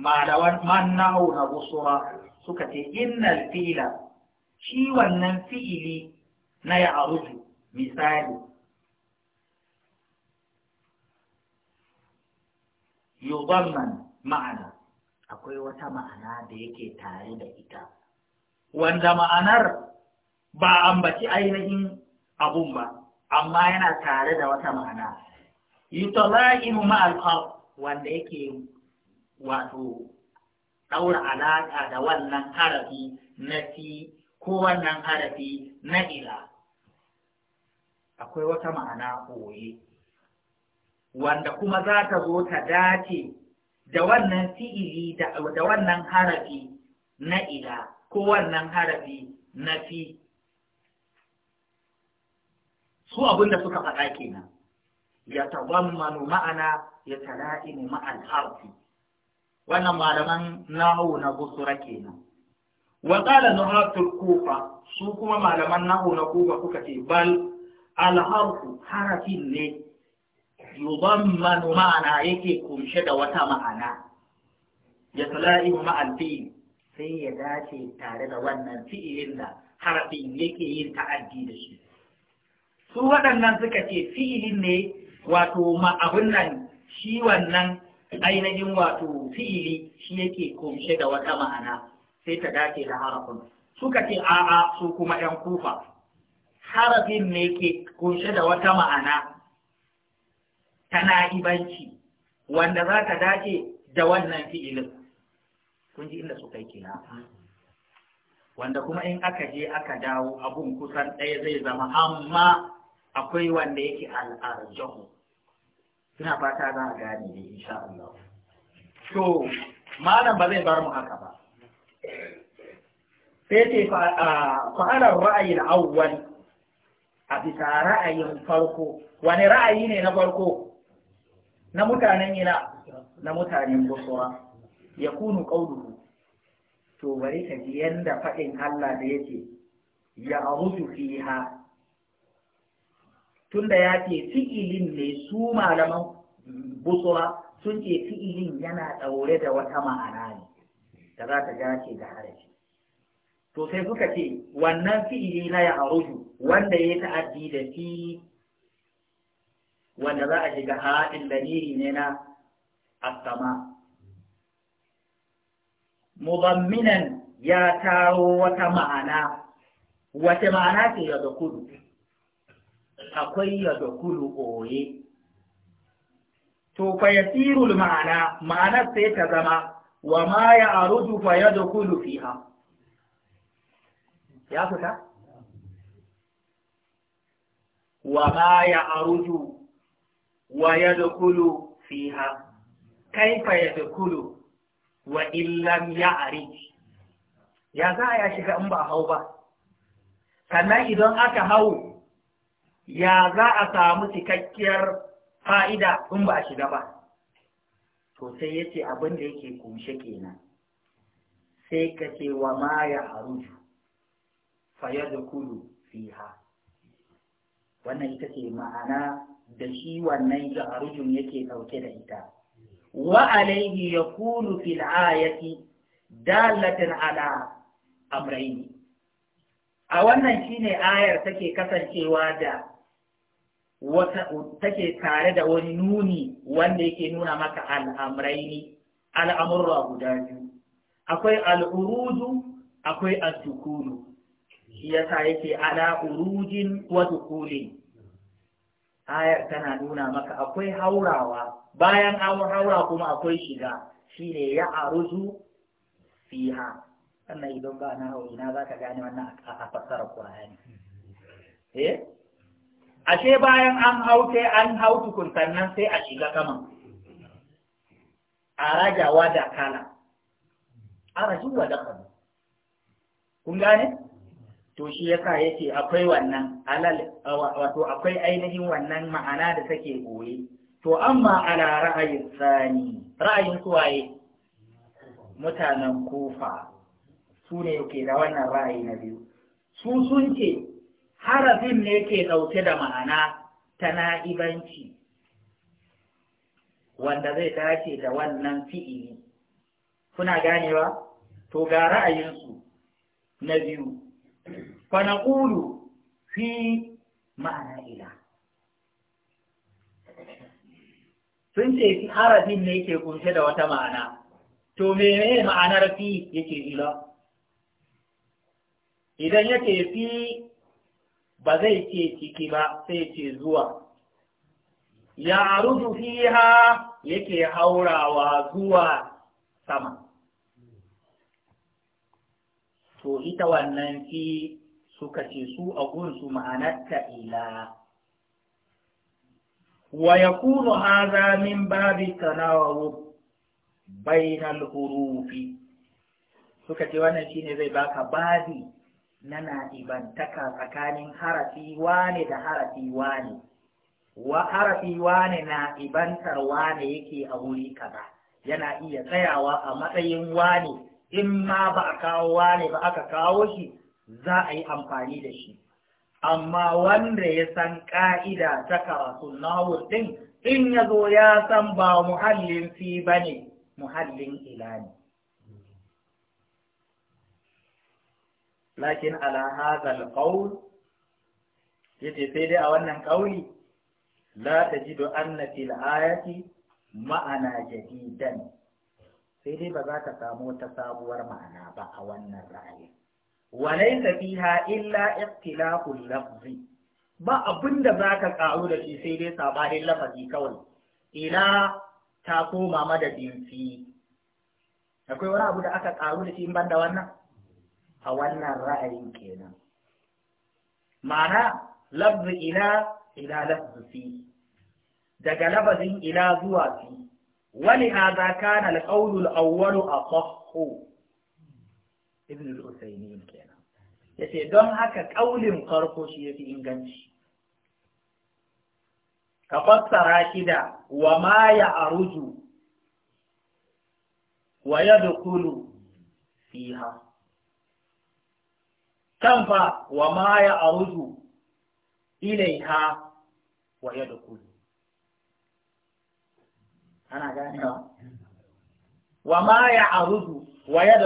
malawan mannahu na busura suka ce innal fi'ila shi wannan fi'ili na ya misali yuzamman ma'ana akwai wata ma'ana da yake tare da ita wanda ma'anar ba ambaci ainihin abun ba amma yana tare da wata ma'ana yutala'imu ma'al qab wanda yake wato daura alaka da wannan harafi na fi ko wannan harafi na ila akwai wata ma'ana koye wanda kuma za ta zo ta dace da wannan fi'ili da wannan harafi na ila ko wannan harafi na fi su abinda suka faɗa kenan yatadammanu ma'ana yatala'imu ma'al harfi wannan malaman nahu na busura kenan wa qala nuhatul kufa su kuma malaman nahu na kufa suka ce bal al harfu harafin ne yudammanu ma'ana yake kumshe da wata ma'ana yatala'imu ma'al fi'l sai ya dace tare da wannan fi'ilin da harafin yake yin ta'addi da shi su waɗannan suka ce fi'ilin ne wato ma abun nan shi wannan ainihin wato fi'ili shi yake kumshe da wata ma'ana sai ta dace da harafin suka ce a'a su kuma yan kufa harafin ne ke kunshe da wata ma'ana ta na'ibanci wanda za ta dace da wannan fi'ilin kun ji inda suka yi kila wanda kuma in aka je aka dawo abun kusan ɗaya zai zama amma akwai wanda yake al'arjahu ina fata za a gane ne insha Allah to malam ba zai bar mu haka ba sai ce fa'alar ra'ayin awwal a bisa ra'ayin farko wani ra'ayi ne na farko na mutanen ina na mutanen busuwa ya kunu ƙauluhu to bari ka ji yanda faɗin Allah da yake ya fi fiha tunda ya ce fi'ilin ne su malaman busura sun ce fi'ilin yana ɗaure da wata ma'ana ne da za ta dace da harafi to sai suka ce wannan fi'ili na ya aruju wanda ya ta'addi da fi wanda za a shiga haɗin lamiri ne na asama mubamminan ya taro wata ma'ana wata ma'ana ce daga kudu akwai ya kulu oye to fa yasirul ma'ana ma'anar sai ta zama wa ma ya arudu fa ya da kulu fiha ya fita wa ma ya arudu wa ya da kulu fiha kai ya da kulu wa illam ya ariji ya za a ya shiga in ba hau ba sannan idan aka hau ya za a samu cikakkiyar fa'ida in ba a shiga ba to sai ya ce abin da yake kumshe kenan sai ka ce wa ma ya haruju faya da kulu fiha wannan ita ce ma'ana da shi wannan ya harujun yake ɗauke da ita wa alaihi ya kudu fil ayati dalatin ala amraini a wannan shine ayar take kasancewa da wata take tare da wani nuni wanda yake nuna maka al'amraini al'amurra guda biyu akwai al'urudu akwai al-tukulu shi yasa yake ala urujin wa ayar tana nuna maka akwai haurawa bayan an haura kuma akwai shiga shine ya aruzu fiha sannan idan ba na hau ina za ka gane wannan a fassara Qur'ani eh ashe bayan an hau sai an hau tukun sannan sai a shiga kaman. a rajawa da kala a rajuwa da kala kun gane to shi yasa yake akwai wannan alal wato akwai ainihin wannan ma'ana da take goye to amma ala ra'ayin sani ra'ayin kuwaye mutanen kofa su ne yake da wannan ra'ayi na biyu su sun ce harafin ne ke ɗauke da ma'ana ta na'ibanci wanda zai tashi da wannan fi'ili kuna ganewa to ga ra'ayinsu na biyu fa naqulu fi ma'ana ila sun ce harafin ne ke kunshe da wata ma'ana to mene ma'anar fi yake ila idan yake fi ba zai ce ciki ba sai ce zuwa ya arudu fiha yake haurawa zuwa sama to ita wannan fi suka ce su a gunsu ma'anarta ila wa ya kunu haza min babi tanawu bainal hurufi suka ce wannan shine zai baka babi na na'ibantaka tsakanin harafi wane da harafi wane wa harafi wane wane yake a wuri kaza yana iya tsayawa a matsayin wane in ma ba a kawo wane ba aka kawo shi za a yi amfani da shi amma wanda ya san ƙa'ida ta karatu nawur ɗin in ya zo ya san ba muhallin fi ba ne muhallin ila ne lakin ala hazal qawl yace sai dai a wannan kauli la tajidu anna fil ayati ma'ana jadidan sai dai ba za ka samu wata sabuwar ma'ana ba a wannan wa laysa fiha illa ikhtilafu lafzi ba abinda za ka karu da shi sai dai sabanin lafazi kawai ila ta koma madadin fi akwai wani abu da aka karu da shi in banda wannan a wannan ra'ayin kenan ma'ana lafzu ila ila lafzu fi daga lafazin ila zuwa fi wani hada kana alqawlu alawwalu asahhu ibn al-usaymin kenan yace don haka ƙaulin farko shi yafi inganci ka fassara shi da wa ma ya aruju wa yadkhulu fiha Kamfa wa ma ya aruju ilaiha wa ya ana ganewa wa ma ya aruju wa ya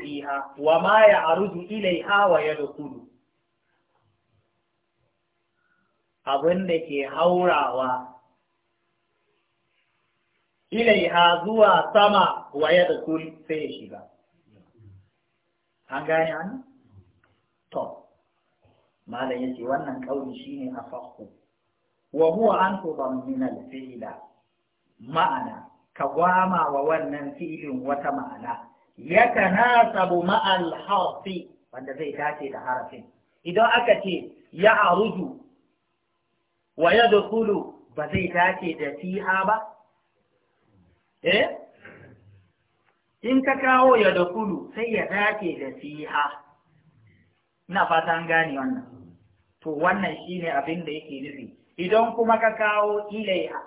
fiha wa ma ya aruju ilaiha wa ya abin da ke haurawa ilaiha zuwa sama wa ya dukulu sai ya shiga an gane ana to malam yace wannan kauli shine afahu wa huwa an min al-fi'la ma'ana ka gwama wa wannan filin wata ma'ana yatanasabu ma'al harfi wanda zai dace da harafin idan aka ce ya aruju wa yadkhulu ba zai dace da fiha ba eh in ka kawo ya dakulu sai ya dace da fiha ina fata an gane wannan to wannan shine abin da yake nufi idan kuma ka kawo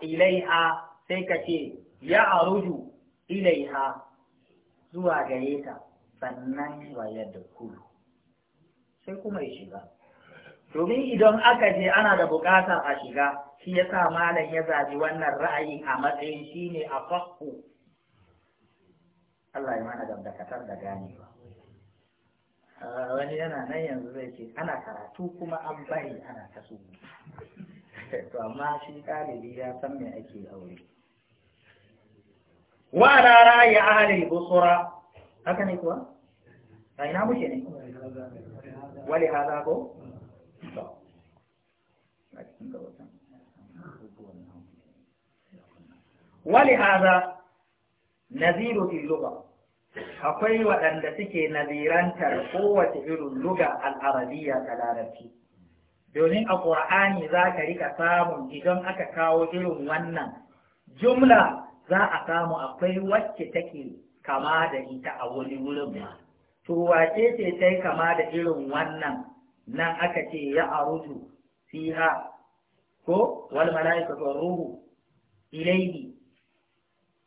ilaiha sai ka ce ya aruju ilaiha zuwa gare ta sannan waya da kulu sai kuma ya shiga domin idan aka je ana da bukata a shiga shi ya sa malam ya zabi wannan ra'ayin a matsayin shine a Allah ya mana dakatar da ganewa Ah, wani yana nan yanzu zai ce ana karatu kuma an bari ana ta su to amma shi ɗalibi ya san me ake aure wa ala ra'ayi ahli busura haka ne kuwa a ina muke ne wali hada ko wali hada naziru fil lugha akwai waɗanda suke nazirantar kowace irin lugar al'arabiya ta larabci domin a ƙur'ani za ka rika samun idan aka kawo irin wannan jumla za a samu akwai wacce take kama da ita a wani wurin ba to wace ce ta kama da irin wannan nan aka ce ya arutu fiha ko wal mala'ikatu ruhu ilayhi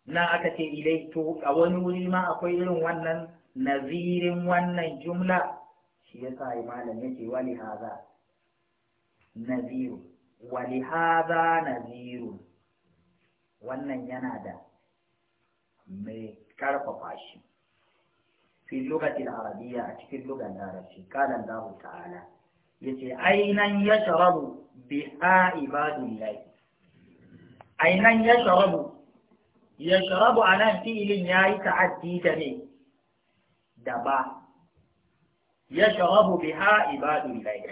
nan aka ce ilai to a wani wuri ma akwai irin wannan nazirin wannan jumla shi ya sa malam ya ce wali haza naziru wali haza naziru wannan yana da mai karfafa shi fi lokacin Arabiya a cikin lugar larabci kalan zahu ta'ala Ya yace ainan yashrabu biha ibadullahi ainan yashrabu يشرب على فيه لنياي تعديد لي دبا يشرب بها عباد الله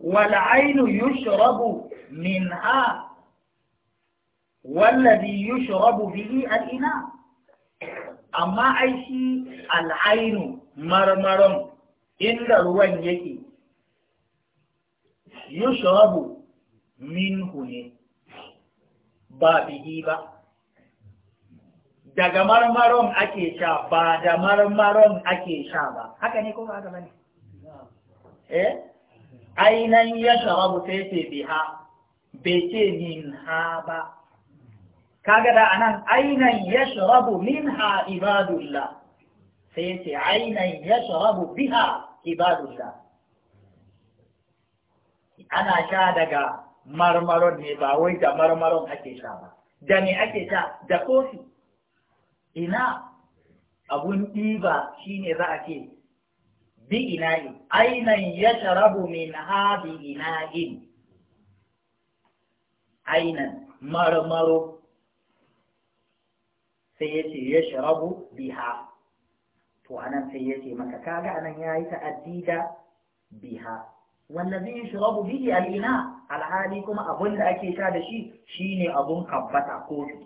والعين يشرب منها والذي يشرب به الإناء أما أيشي العين مرمر إلا روان يكي يشرب منه ne ba daga marmaron ake sha ba da marmaron ake sha ba haka ne ko ba haka bane eh ainan ya sharabu sai ce biha bai ce min ha ba kaga da anan ainan ya sharabu min ha ibadullah sai ce ainan ya sharabu biha ibadullah ana sha daga marmaron ne ba wai da marmaron ake sha ba da me ake sha da kofi ina abun ɗiba shine za a ce bi ina'i ainan ya sharabu min ha bi ina'in ainan marmaro sai ya ce ya sharabu biha to anan sai ya ce maka kaga anan ya yi ta'addida biha wallazi yushrabu bihi al-ina alhali kuma abun da ake sha da shi shine abun kabbata kofi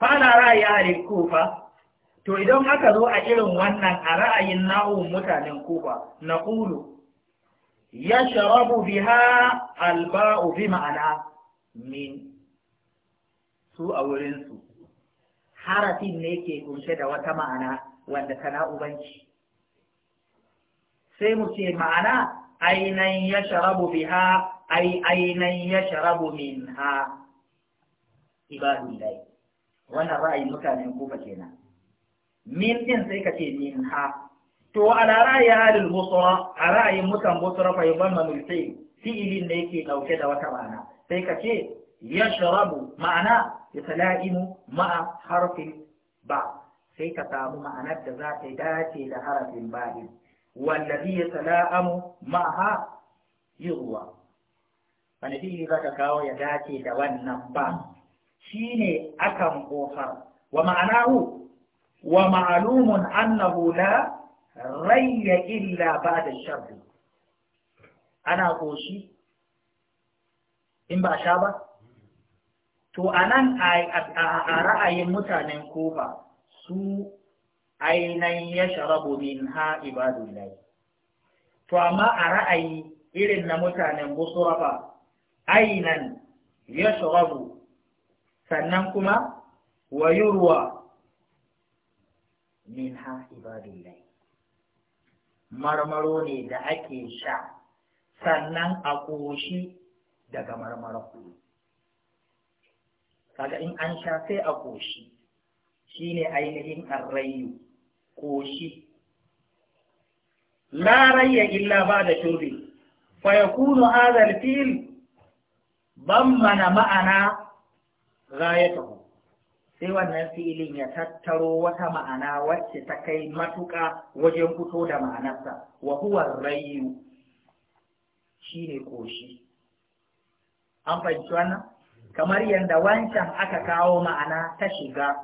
na ra'ayi ahli kufa to idan aka zo a irin wannan a ra'ayin na'uwar mutanen kufa na ƙulu ya sharabu biha alba'u bi ma'ana min su a wurinsu harafin ne ke kunshe da wata ma'ana wanda ta na'ubanci sai mu ce ma'ana ainihin ya sharabu biha ai ainihin ya sharabu min ha ibadullahi wannan ra'ayin mutanen kufa kenan min din sai ka ce min ha to ala ra'ayi alil busra a ra'ayin mutan busra fa yubamma sai fi'ilin da yake dauke da wata ma'ana sai ka ce yashrabu ma'ana yatalaimu ma'a harfin ba sai ka samu ma'anar da za ta dace da harafin din wallazi yatala'amu ma'a yuwa wani fi'ili za ka kawo ya dace da wannan ba Shi ne akan ƙofar wa ma'anahu wa ma'alumun annahu la rayya illa ba'da sharri ana koshi in ba sha ba to anan a ra'ayin mutanen kofa su ainihin ya sharabu min ha ibadullahi to amma a ra'ayi irin na mutanen busurafa ainihin ya sharabu sannan kuma wa yurwa minha ibadullahi marmaro ne da ake sha sannan a ƙoshi daga marmaro kaga in an sha sai a koshi shine ainihin arrayu koshi. la rayya illa bada da shurbi fa yakunu hadha al-fil bammana ma'ana ghayatahu sai wannan fi'ilin ya tattaro wata ma'ana wacce ta kai matuƙa wajen fito da ma'anarsa wa huwa rayu shine koshi an fahimci wannan kamar yadda wancan aka kawo ma'ana ta shiga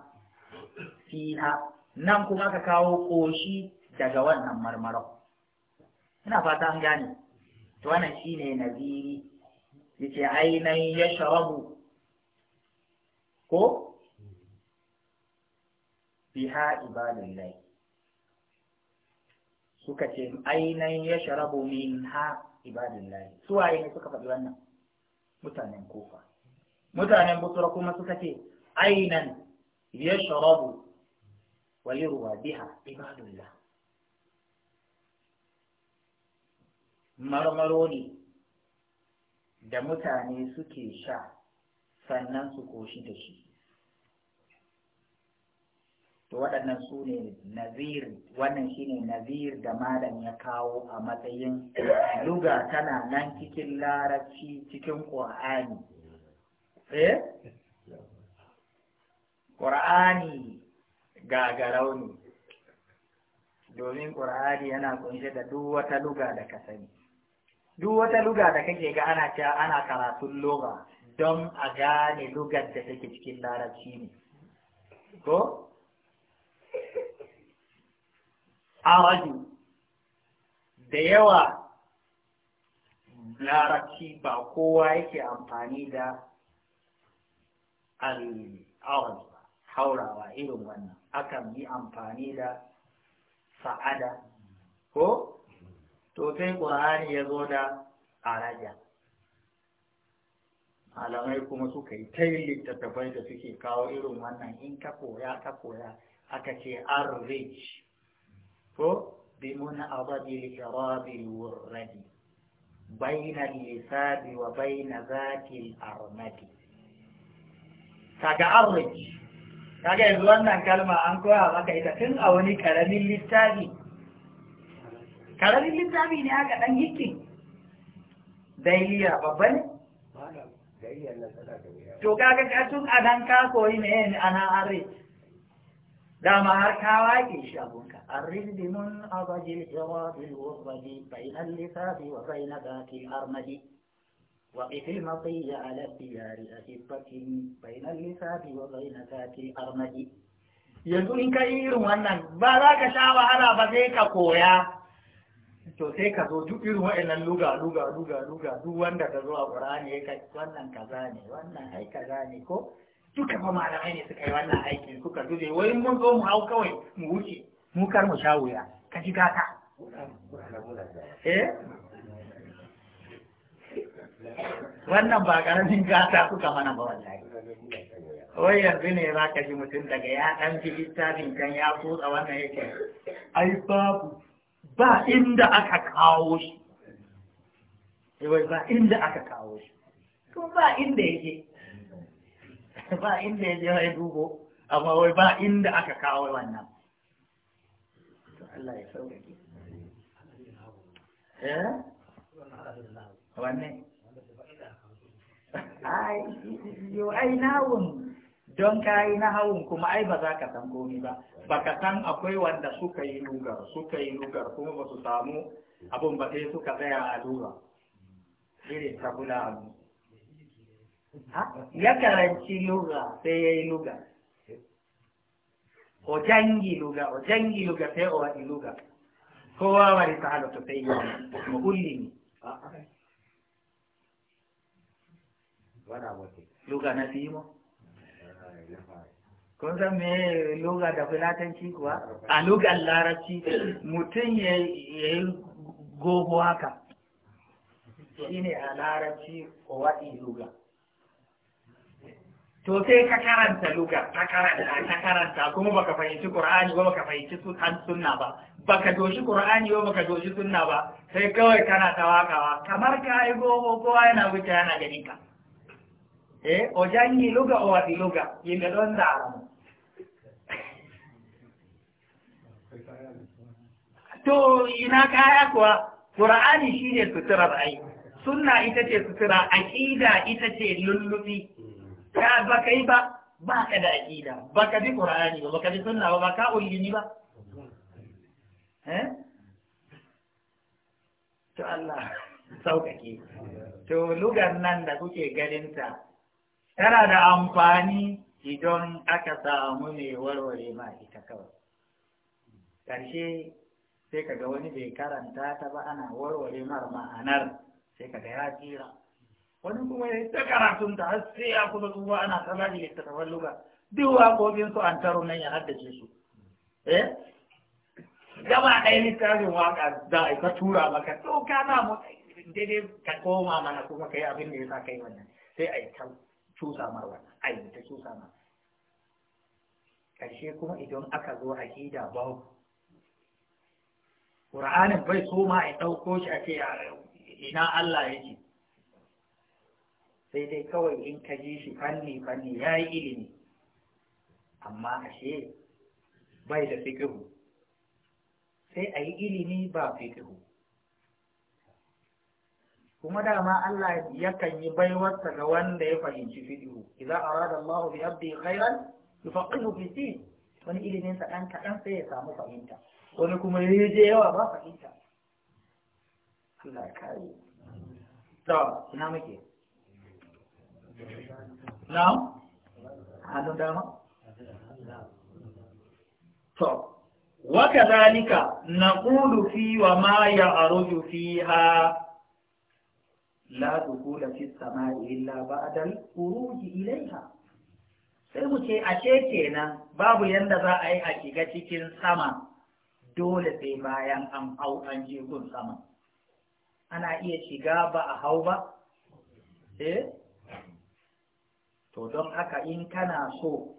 fiha nan kuma aka kawo koshi daga wannan marmaron ina fata an gane to wannan shine naziri yace ainihin ya sharabu ko biha ibadullahi suka ce ainihin ya sharabu min ha ibadullahi suwaye ne suka faɗi wannan mutanen kofa mutanen busura kuma suka ce ainihin ya sharabu waliruwa biha ibadullah marmaro ne da mutane suke sha sannan su koshi da shi to waɗannan su ne nazir wannan shine nazir da malam ya kawo a matsayin luga tana nan cikin larabci cikin ƙur'ani eh ƙur'ani gagarau ne domin ƙur'ani yana kunshe da duk wata luga da ka sani duk wata luga da kake ga ana karatun loga don a gane lugar da take cikin larabci ne ko araju da yawa larabci ba kowa yake amfani da al'awar ba haurawa irin wannan akan yi amfani da sa'ada ko to sai ƙur'ani ya zo da araja malamai kuma suka yi ta littattafai da suke kawo irin wannan in ka koya ka koya aka ce average ko bimun abadi sharabi wurradi baina lisabi wa baina zati armadi kaga average kaga yanzu wannan kalma an koya maka ita tun a wani karamin littafi karamin littafi ne aka dan hikin dailiya babban To kaga ka tun adan ka koyi ne ne ana arri. Dama har ka waƙe shi abunka. Arrizi mun abajin jawabin wuzbaji bai an lisafi wa bai na baki armadi. Wa ƙifil mafi ya alaɓi yare a cikin bai na lisafi wa bai na baki armadi. Yanzu in ka irin wannan ba za ka sha wahala ba sai ka koya. to sai ka zo duk irin wa'annan luga luga luga luga duk wanda ka zo a ƙur'ani ya wannan kaza ne wannan ai kaza ne ko duka fa malamai ne suka yi wannan aikin suka zube wai mun zo mu hau kawai mu wuce mu kar mu sha wuya ka ji gata eh wannan ba karamin gata kuka mana ba wallahi wai yanzu ne za ka ji mutum daga ya ɗan ji littafin kan ya kutsa wannan yake ai babu ba inda aka kawo shi eh, wai ba inda aka kawo shi kuma ba inda yake ba inda yake wai dubo amma wai ba inda aka kawo wannan to Allah ya sauke eh wannan ai yo ai nawun don kayi na hawan kuma ai ba za ka san komi ba baka san akwai wanda suka yi lugar suka yi lugar kuma ba su samu abun ba sai suka tsaya a lura irin ta bula abu ya karanci luga sai ya yi lugar. o jangi luga o jangi luga sai o wani luga kowa wani ta halatta sai ya mu ulli ne luga na fimo kun san me loga da filatanci kuwa a lugar larabci mutum ya yi gogo haka ne a larabci waɗi loga to sai ka karanta loga ta karanta ka karanta kuma baka fahimci qur'ani ba baka fahimci sunna ba baka doshi qur'ani ba baka doshi sunna ba sai kawai kana wakawa kamar ka yi gogo kowa yana wuce yana ganin ka eh ojangi luga o waɗi luga don da alamu. to ina kaya kuwa Qur'ani shine suturar ai sunna ita ce sutura aqida ita ce lullubi ka ba kai ba ba ka da aqida ba ka bi Qur'ani ba ka bi sunna ba ba ka ulini ba eh to Allah sauƙaƙe to lugar nan da kuke ganinta tana da amfani idan aka samu mai warware ma ita kawai ƙarshe sai kaga wani bai karanta ta ba ana warware mara ma'anar sai kaga ya tsira wani kuma ya ta karatun ta har sai ya kuma tsufa ana ta zagi littattafan luga duk waƙoƙin su an taro nan ya haddace su eh gaba ɗaya littafin waƙa za a ka tura maka to kana mu daidai ka koma mana kuma kai abin da ya sa kai wannan sai a yi ta cusa marwa a yi ta cusa marwa ƙarshe kuma idan aka zo aƙida babu ƙur'anin bai so ma in ɗauko shi a ce ina Allah yake sai dai kawai in ka ji shi fanni fanni ya yi ilimi amma ashe bai da fikihu sai a yi ilimi ba fikihu kuma dama Allah ya kan yi baiwarsa ga wanda ya fahimci fikihu idan arada Allah bi abdi khairan yufaqihu fi din wani ilimin sa dan kadan sai ya samu fahimta wani kuma yi je yawa ba fahimta Allah kare to ina muke na hannun dama to waka zalika na ƙudu fi wa ma ya aruju fi ha la dukula fi sama illa ba a ba'dal khuruji ilaiha sai mu ce ashe kenan babu yadda za a yi a shiga cikin sama dole sai bayan an hau an je gun sama ana iya shiga ba a hau ba eh to don haka in kana so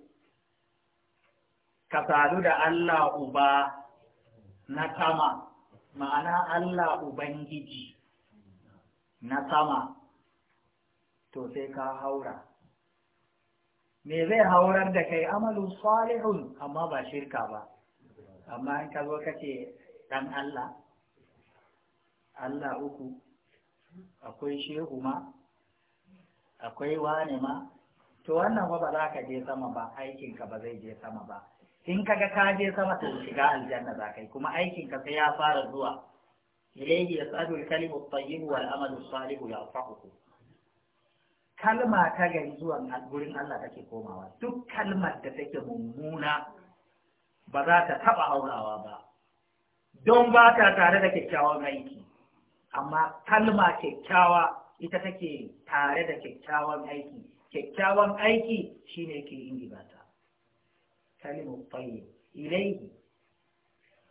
ka sadu da Allah uba na sama ma'ana Allah ubangiji na sama to sai ka haura me zai haurar da kai amalu salihun amma ba shirka ba amma in ka zo ka ce ɗan Allah Allah uku akwai shehu ma akwai wane ma to wannan ba za ka je sama ba aikinka ba zai je sama ba in kaga ka je sama to shiga aljanna za ka yi kuma aikinka sai ya fara zuwa ilaihi yas'adu al-kalimu at wal amalu salihu yarfa'uhu kalma ta gari zuwa gurin Allah take komawa duk kalmar da take mummuna ba za ta taɓa aurawa ba
don ba ta tare
da kyakkyawan aiki amma kalma kyakkyawa ita take tare da kyakkyawan aiki kyakkyawan aiki shine ke ingiza ta kalimu tsaye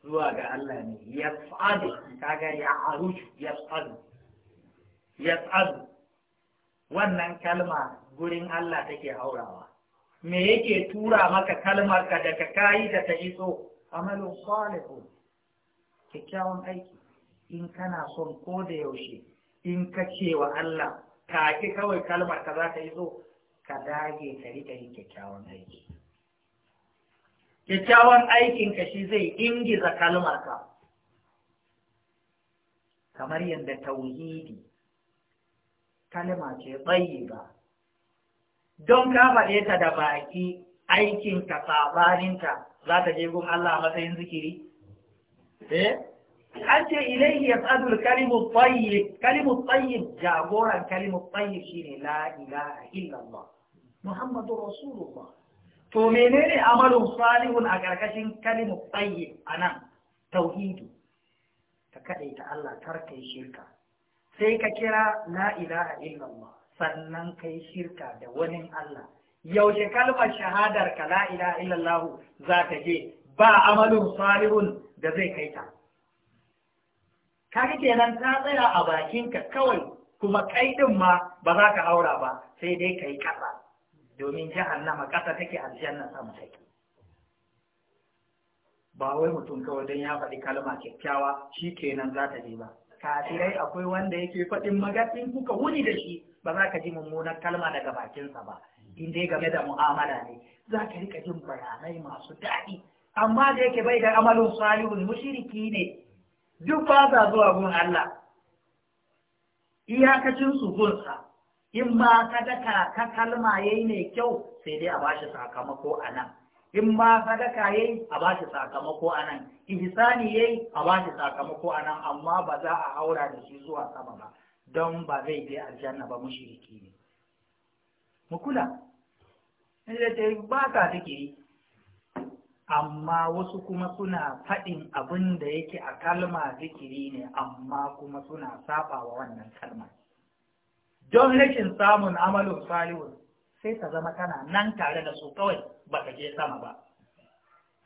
zuwa ga Allah ne yas'adu kaga ya aruju ya yas'adu wannan kalma gurin Allah take haurawa me yake tura maka kalmar ka daga kayi da ta iso amalin salihu kyakkyawan aiki in kana son ko da yaushe in ka ce wa Allah ki kawai kalmar ka za ta iso ka dage ka riƙa yin kyakkyawan aiki kyakkyawan aikin ka shi zai ingiza kalmar ka kamar yadda tauhidi kalma ce tsayi ba don ka faɗe ta da baki ka sabaninta za ta je gun Allah matsayin zikiri? Eh? An ce ilaihi ya tsadul kalimun tsayyib, kalimun tsayyib jagoran kalimun tsayyib shi ne la ilaha illallah, Muhammadu Rasulullah. To menene amalin salihun a ƙarƙashin kalimun tsayyib a nan, tauhidu, ka kaɗaita Allah karkai shirka, sai ka kira la ilaha illallah. sannan ka yi shirka da wani Allah yaushe kalmar shahadar ka la ilaha illallah za ta je ba amalin salihun da zai kai ta kaga kenan ta tsaya a bakinka kawai kuma kai ma ba za ka haura ba sai dai kai kasa domin jahannama kasa take aljanna sama take ba wai mutum kawai don ya faɗi kalma kyakkyawa shi kenan za ta je ba kafirai akwai wanda yake faɗin magaɗin kuka wuni da shi ba za ka ji mummunar kalma daga bakinsa ba in dai game da mu'amala ne za ka rika jin bayanai masu daɗi amma da yake bai da amalin salihun mushiriki ne duk ba za zuwa gun Allah iyakacin su gunsa in ka daka ka kalma yayi mai kyau sai dai a bashi sakamako a nan in ma daka yayi a bashi sakamako a nan ihsani yayi a bashi sakamako a nan amma ba za a haura da shi zuwa sama ba don ba zai je aljanna ba mushriki ne mu kula inda ta yi ba take yi amma wasu kuma suna faɗin abin da yake a kalma zikiri ne amma kuma suna saba wa wannan kalma don rashin samun amalin salihu sai ta zama kana nan tare da su kawai ba ka je sama ba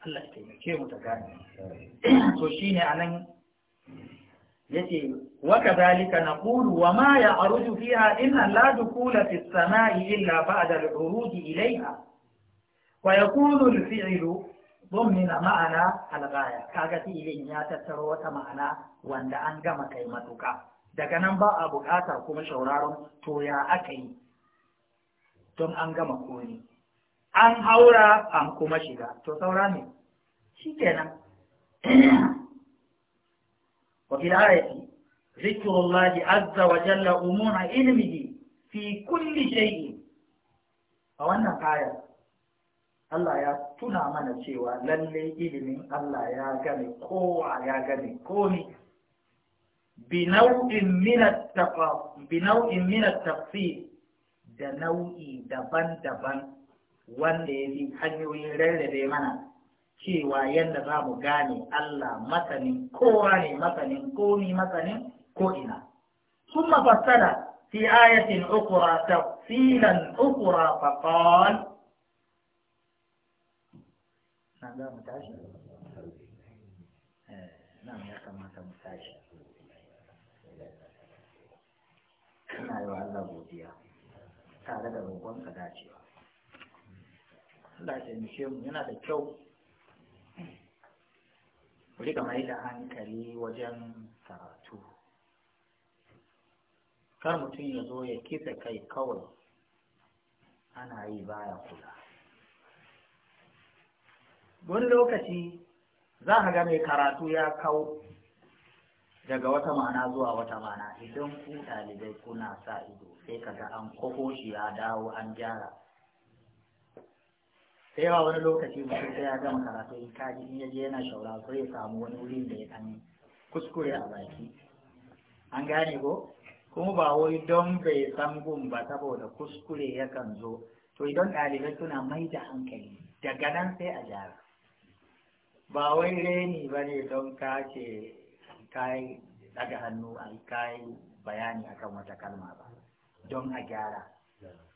Allah ya taimake mu ta gane to shine anan yace wa kadhalika naqulu wa ma ya'ruju fiha inna la dukula fi as-sama'i illa ba'da al-uruj ilayha wa yakunu al-fi'lu dhammina ma'ana al-ghaya kaga ilin ya tattaro wata ma'ana wanda an gama kai matuka daga nan ba a bukata kuma shauraron to ya aka don an gama koni an haura an kuma shiga to saura ne shikenan وفي الآية ذكر الله عز وجل أمور علمه في كل شيء فوانا قاية الله يا من الشيوى للي علم الله يا قمي قوة يا قمي كوني بنوع من التقى بنوع من التقصير دنوع دبن دبن وانا يلي حجي ويرل منا cewa yadda za mu gane Allah masanin kowa ne masanin komi masanin ko'ina. Sun mafassara fi ayatin ukura filan ukura faƙon. Na za mu tashi? Eh, nan ya kamata mu tashi. Ina yi wa Allah godiya tare da ka dacewa. Allah ya mu yana da kyau ku riƙa mai da hankali wajen karatu kar mutum ya zo ya kisa kai kawai ana yi baya kula wani lokaci za a ga mai karatu ya kau daga wata ma'ana zuwa wata mana? idan ku ɗalibai kuna sa ido sai ka ga an kofoshi shi ya dawo an gyara Sai ba wani lokaci mutum sai ya gama karatu in kaji in yaje yana shaura ko ya samu wani wurin da ya dan kuskure a baki an gane ko kuma ba wai don bai san gun ba saboda kuskure yakan zo to idan ɗalibai suna mai da hankali daga nan sai a gyara ba wai reni ba ne don ka ce kai daga hannu a kai bayani akan wata kalma ba don a gyara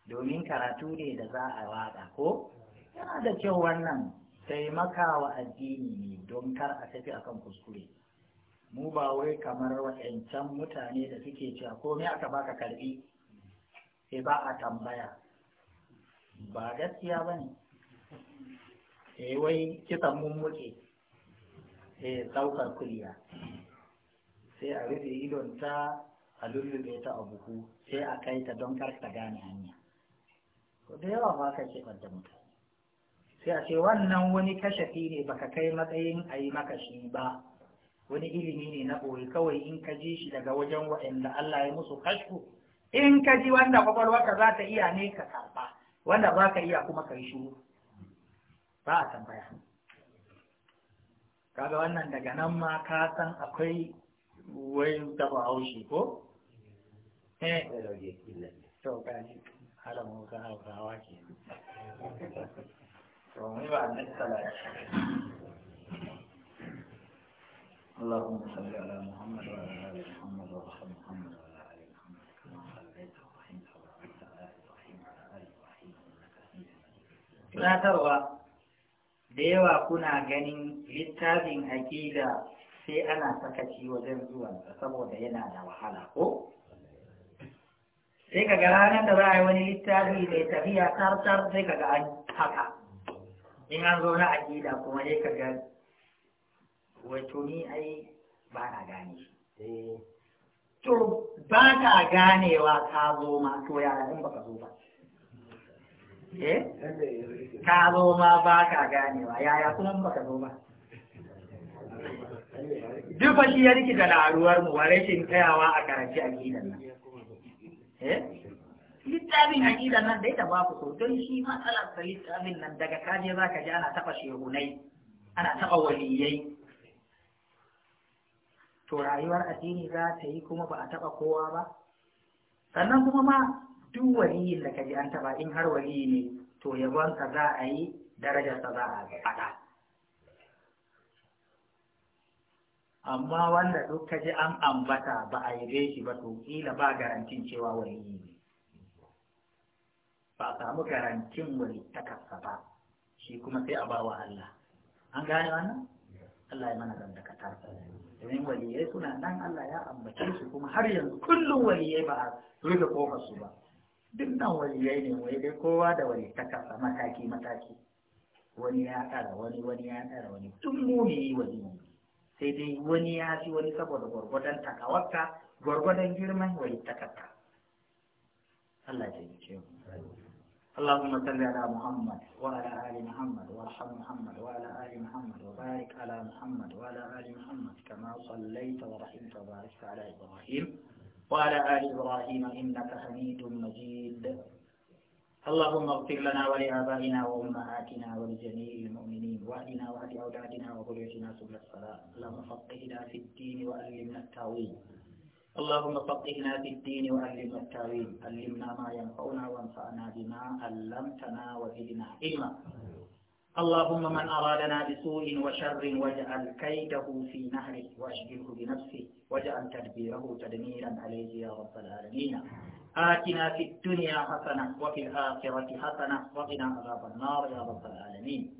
domin karatu ne da za a waɗa ko yana da kyau wannan taimaka wa addini ne don kar a tafi akan kuskure mu ba wai kamar waɗancan mutane da suke cewa komai aka baka karbi sai ba a tambaya ba gaskiya ba ne E, wai kisan mummuke muke saukar eh, kuliya sai a rufe idon ta a lullube ta a buhu sai a kaita don kar ta gane hanya da yawa ba ka ce ɓadda mutum sai a ce wannan wani kashafi ne baka kai matsayin a yi maka shi ba wani ilimi ne na ɓoye kawai in ka ji shi daga wajen waɗanda Allah ya musu kashfu in ka ji wanda kwakwalwarka za ta iya ne ka karɓa wanda ba ka iya kuma ka yi shuru ba a tambaya kaga wannan daga nan ma ka san akwai wai da ba haushi ko eh to ji halamu ka hawa ke ومن بعد الصلاة اللهم صل على محمد وعلى آل محمد وارحم محمد وعلى آل محمد كما صليت ورحمت وباركت على إبراهيم وعلى آل إبراهيم إنك حميد مجيد. tunatarwa da yawa kuna ganin littafin aƙida sai ana sakaci wajen zuwansa saboda yana da wahala ko? sai kaga ranar da za a yi wani littafi mai tafiya tartar sai kaga an haka in an zo na aƙida kuma ne ka ga wato ni ai ba na gane shi eh. to ba ka ganewa ka zo ma to ya in ba ka zo ba eh? ka zo ma ba ka ganewa yaya kuma ba ka zo ba duk shi ya rikita da aruwar mu wa rashin tsayawa a karanci aƙidan nan eh? littafin aƙida nan dai ta baku so don shi matsalar da littafin nan daga kaje za ka ji ana taɓa shehunai ana taɓa waliyai to rayuwar addini za ta yi kuma ba a taɓa kowa ba sannan kuma ma duk waliyin da ka ji an taɓa in har waliyi ne to ka za a yi darajarsa za a faɗa amma wanda duk ka ji an ambata ba a yi shi ba to kila ba garantin cewa waliyi ne ba a samu garancin wani takasa ba shi kuma sai a bawa Allah an gane wannan Allah ya mana zan dangantakar domin waliyai suna nan Allah ya ambace su kuma har yanzu kullum waliyai ba a rufe kofar su ba duk nan waliyai ne wai dai kowa da wani takasa mataki mataki wani ya tsara wani wani ya tsara wani tun mumini wani ne sai dai wani ya fi wani saboda gwargwadon takawarka gwargwadon girman wani takarka Allah ya taimake mu اللهم صل على محمد وعلى آل محمد وارحم محمد وعلى آل محمد وبارك على محمد وعلى آل محمد كما صليت ورحمت وباركت على إبراهيم وعلى آل إبراهيم إنك حميد مجيد اللهم اغفر لنا ولآبائنا وأمهاتنا ولجميع المؤمنين وأهلنا وأهل أولادنا وذريتنا سبل الصلاة اللهم فقهنا في الدين وألمنا التأويل اللهم فقهنا في الدين وعلمنا التاويل علمنا ما ينفعنا وانفعنا بما علمتنا وزدنا علما اللهم من أرادنا بسوء وشر واجعل كيده في نهره وأشغله بنفسه واجعل تدبيره تدميرا عليه يا رب العالمين آتنا في الدنيا حسنة وفي الآخرة حسنة وقنا عذاب النار يا رب العالمين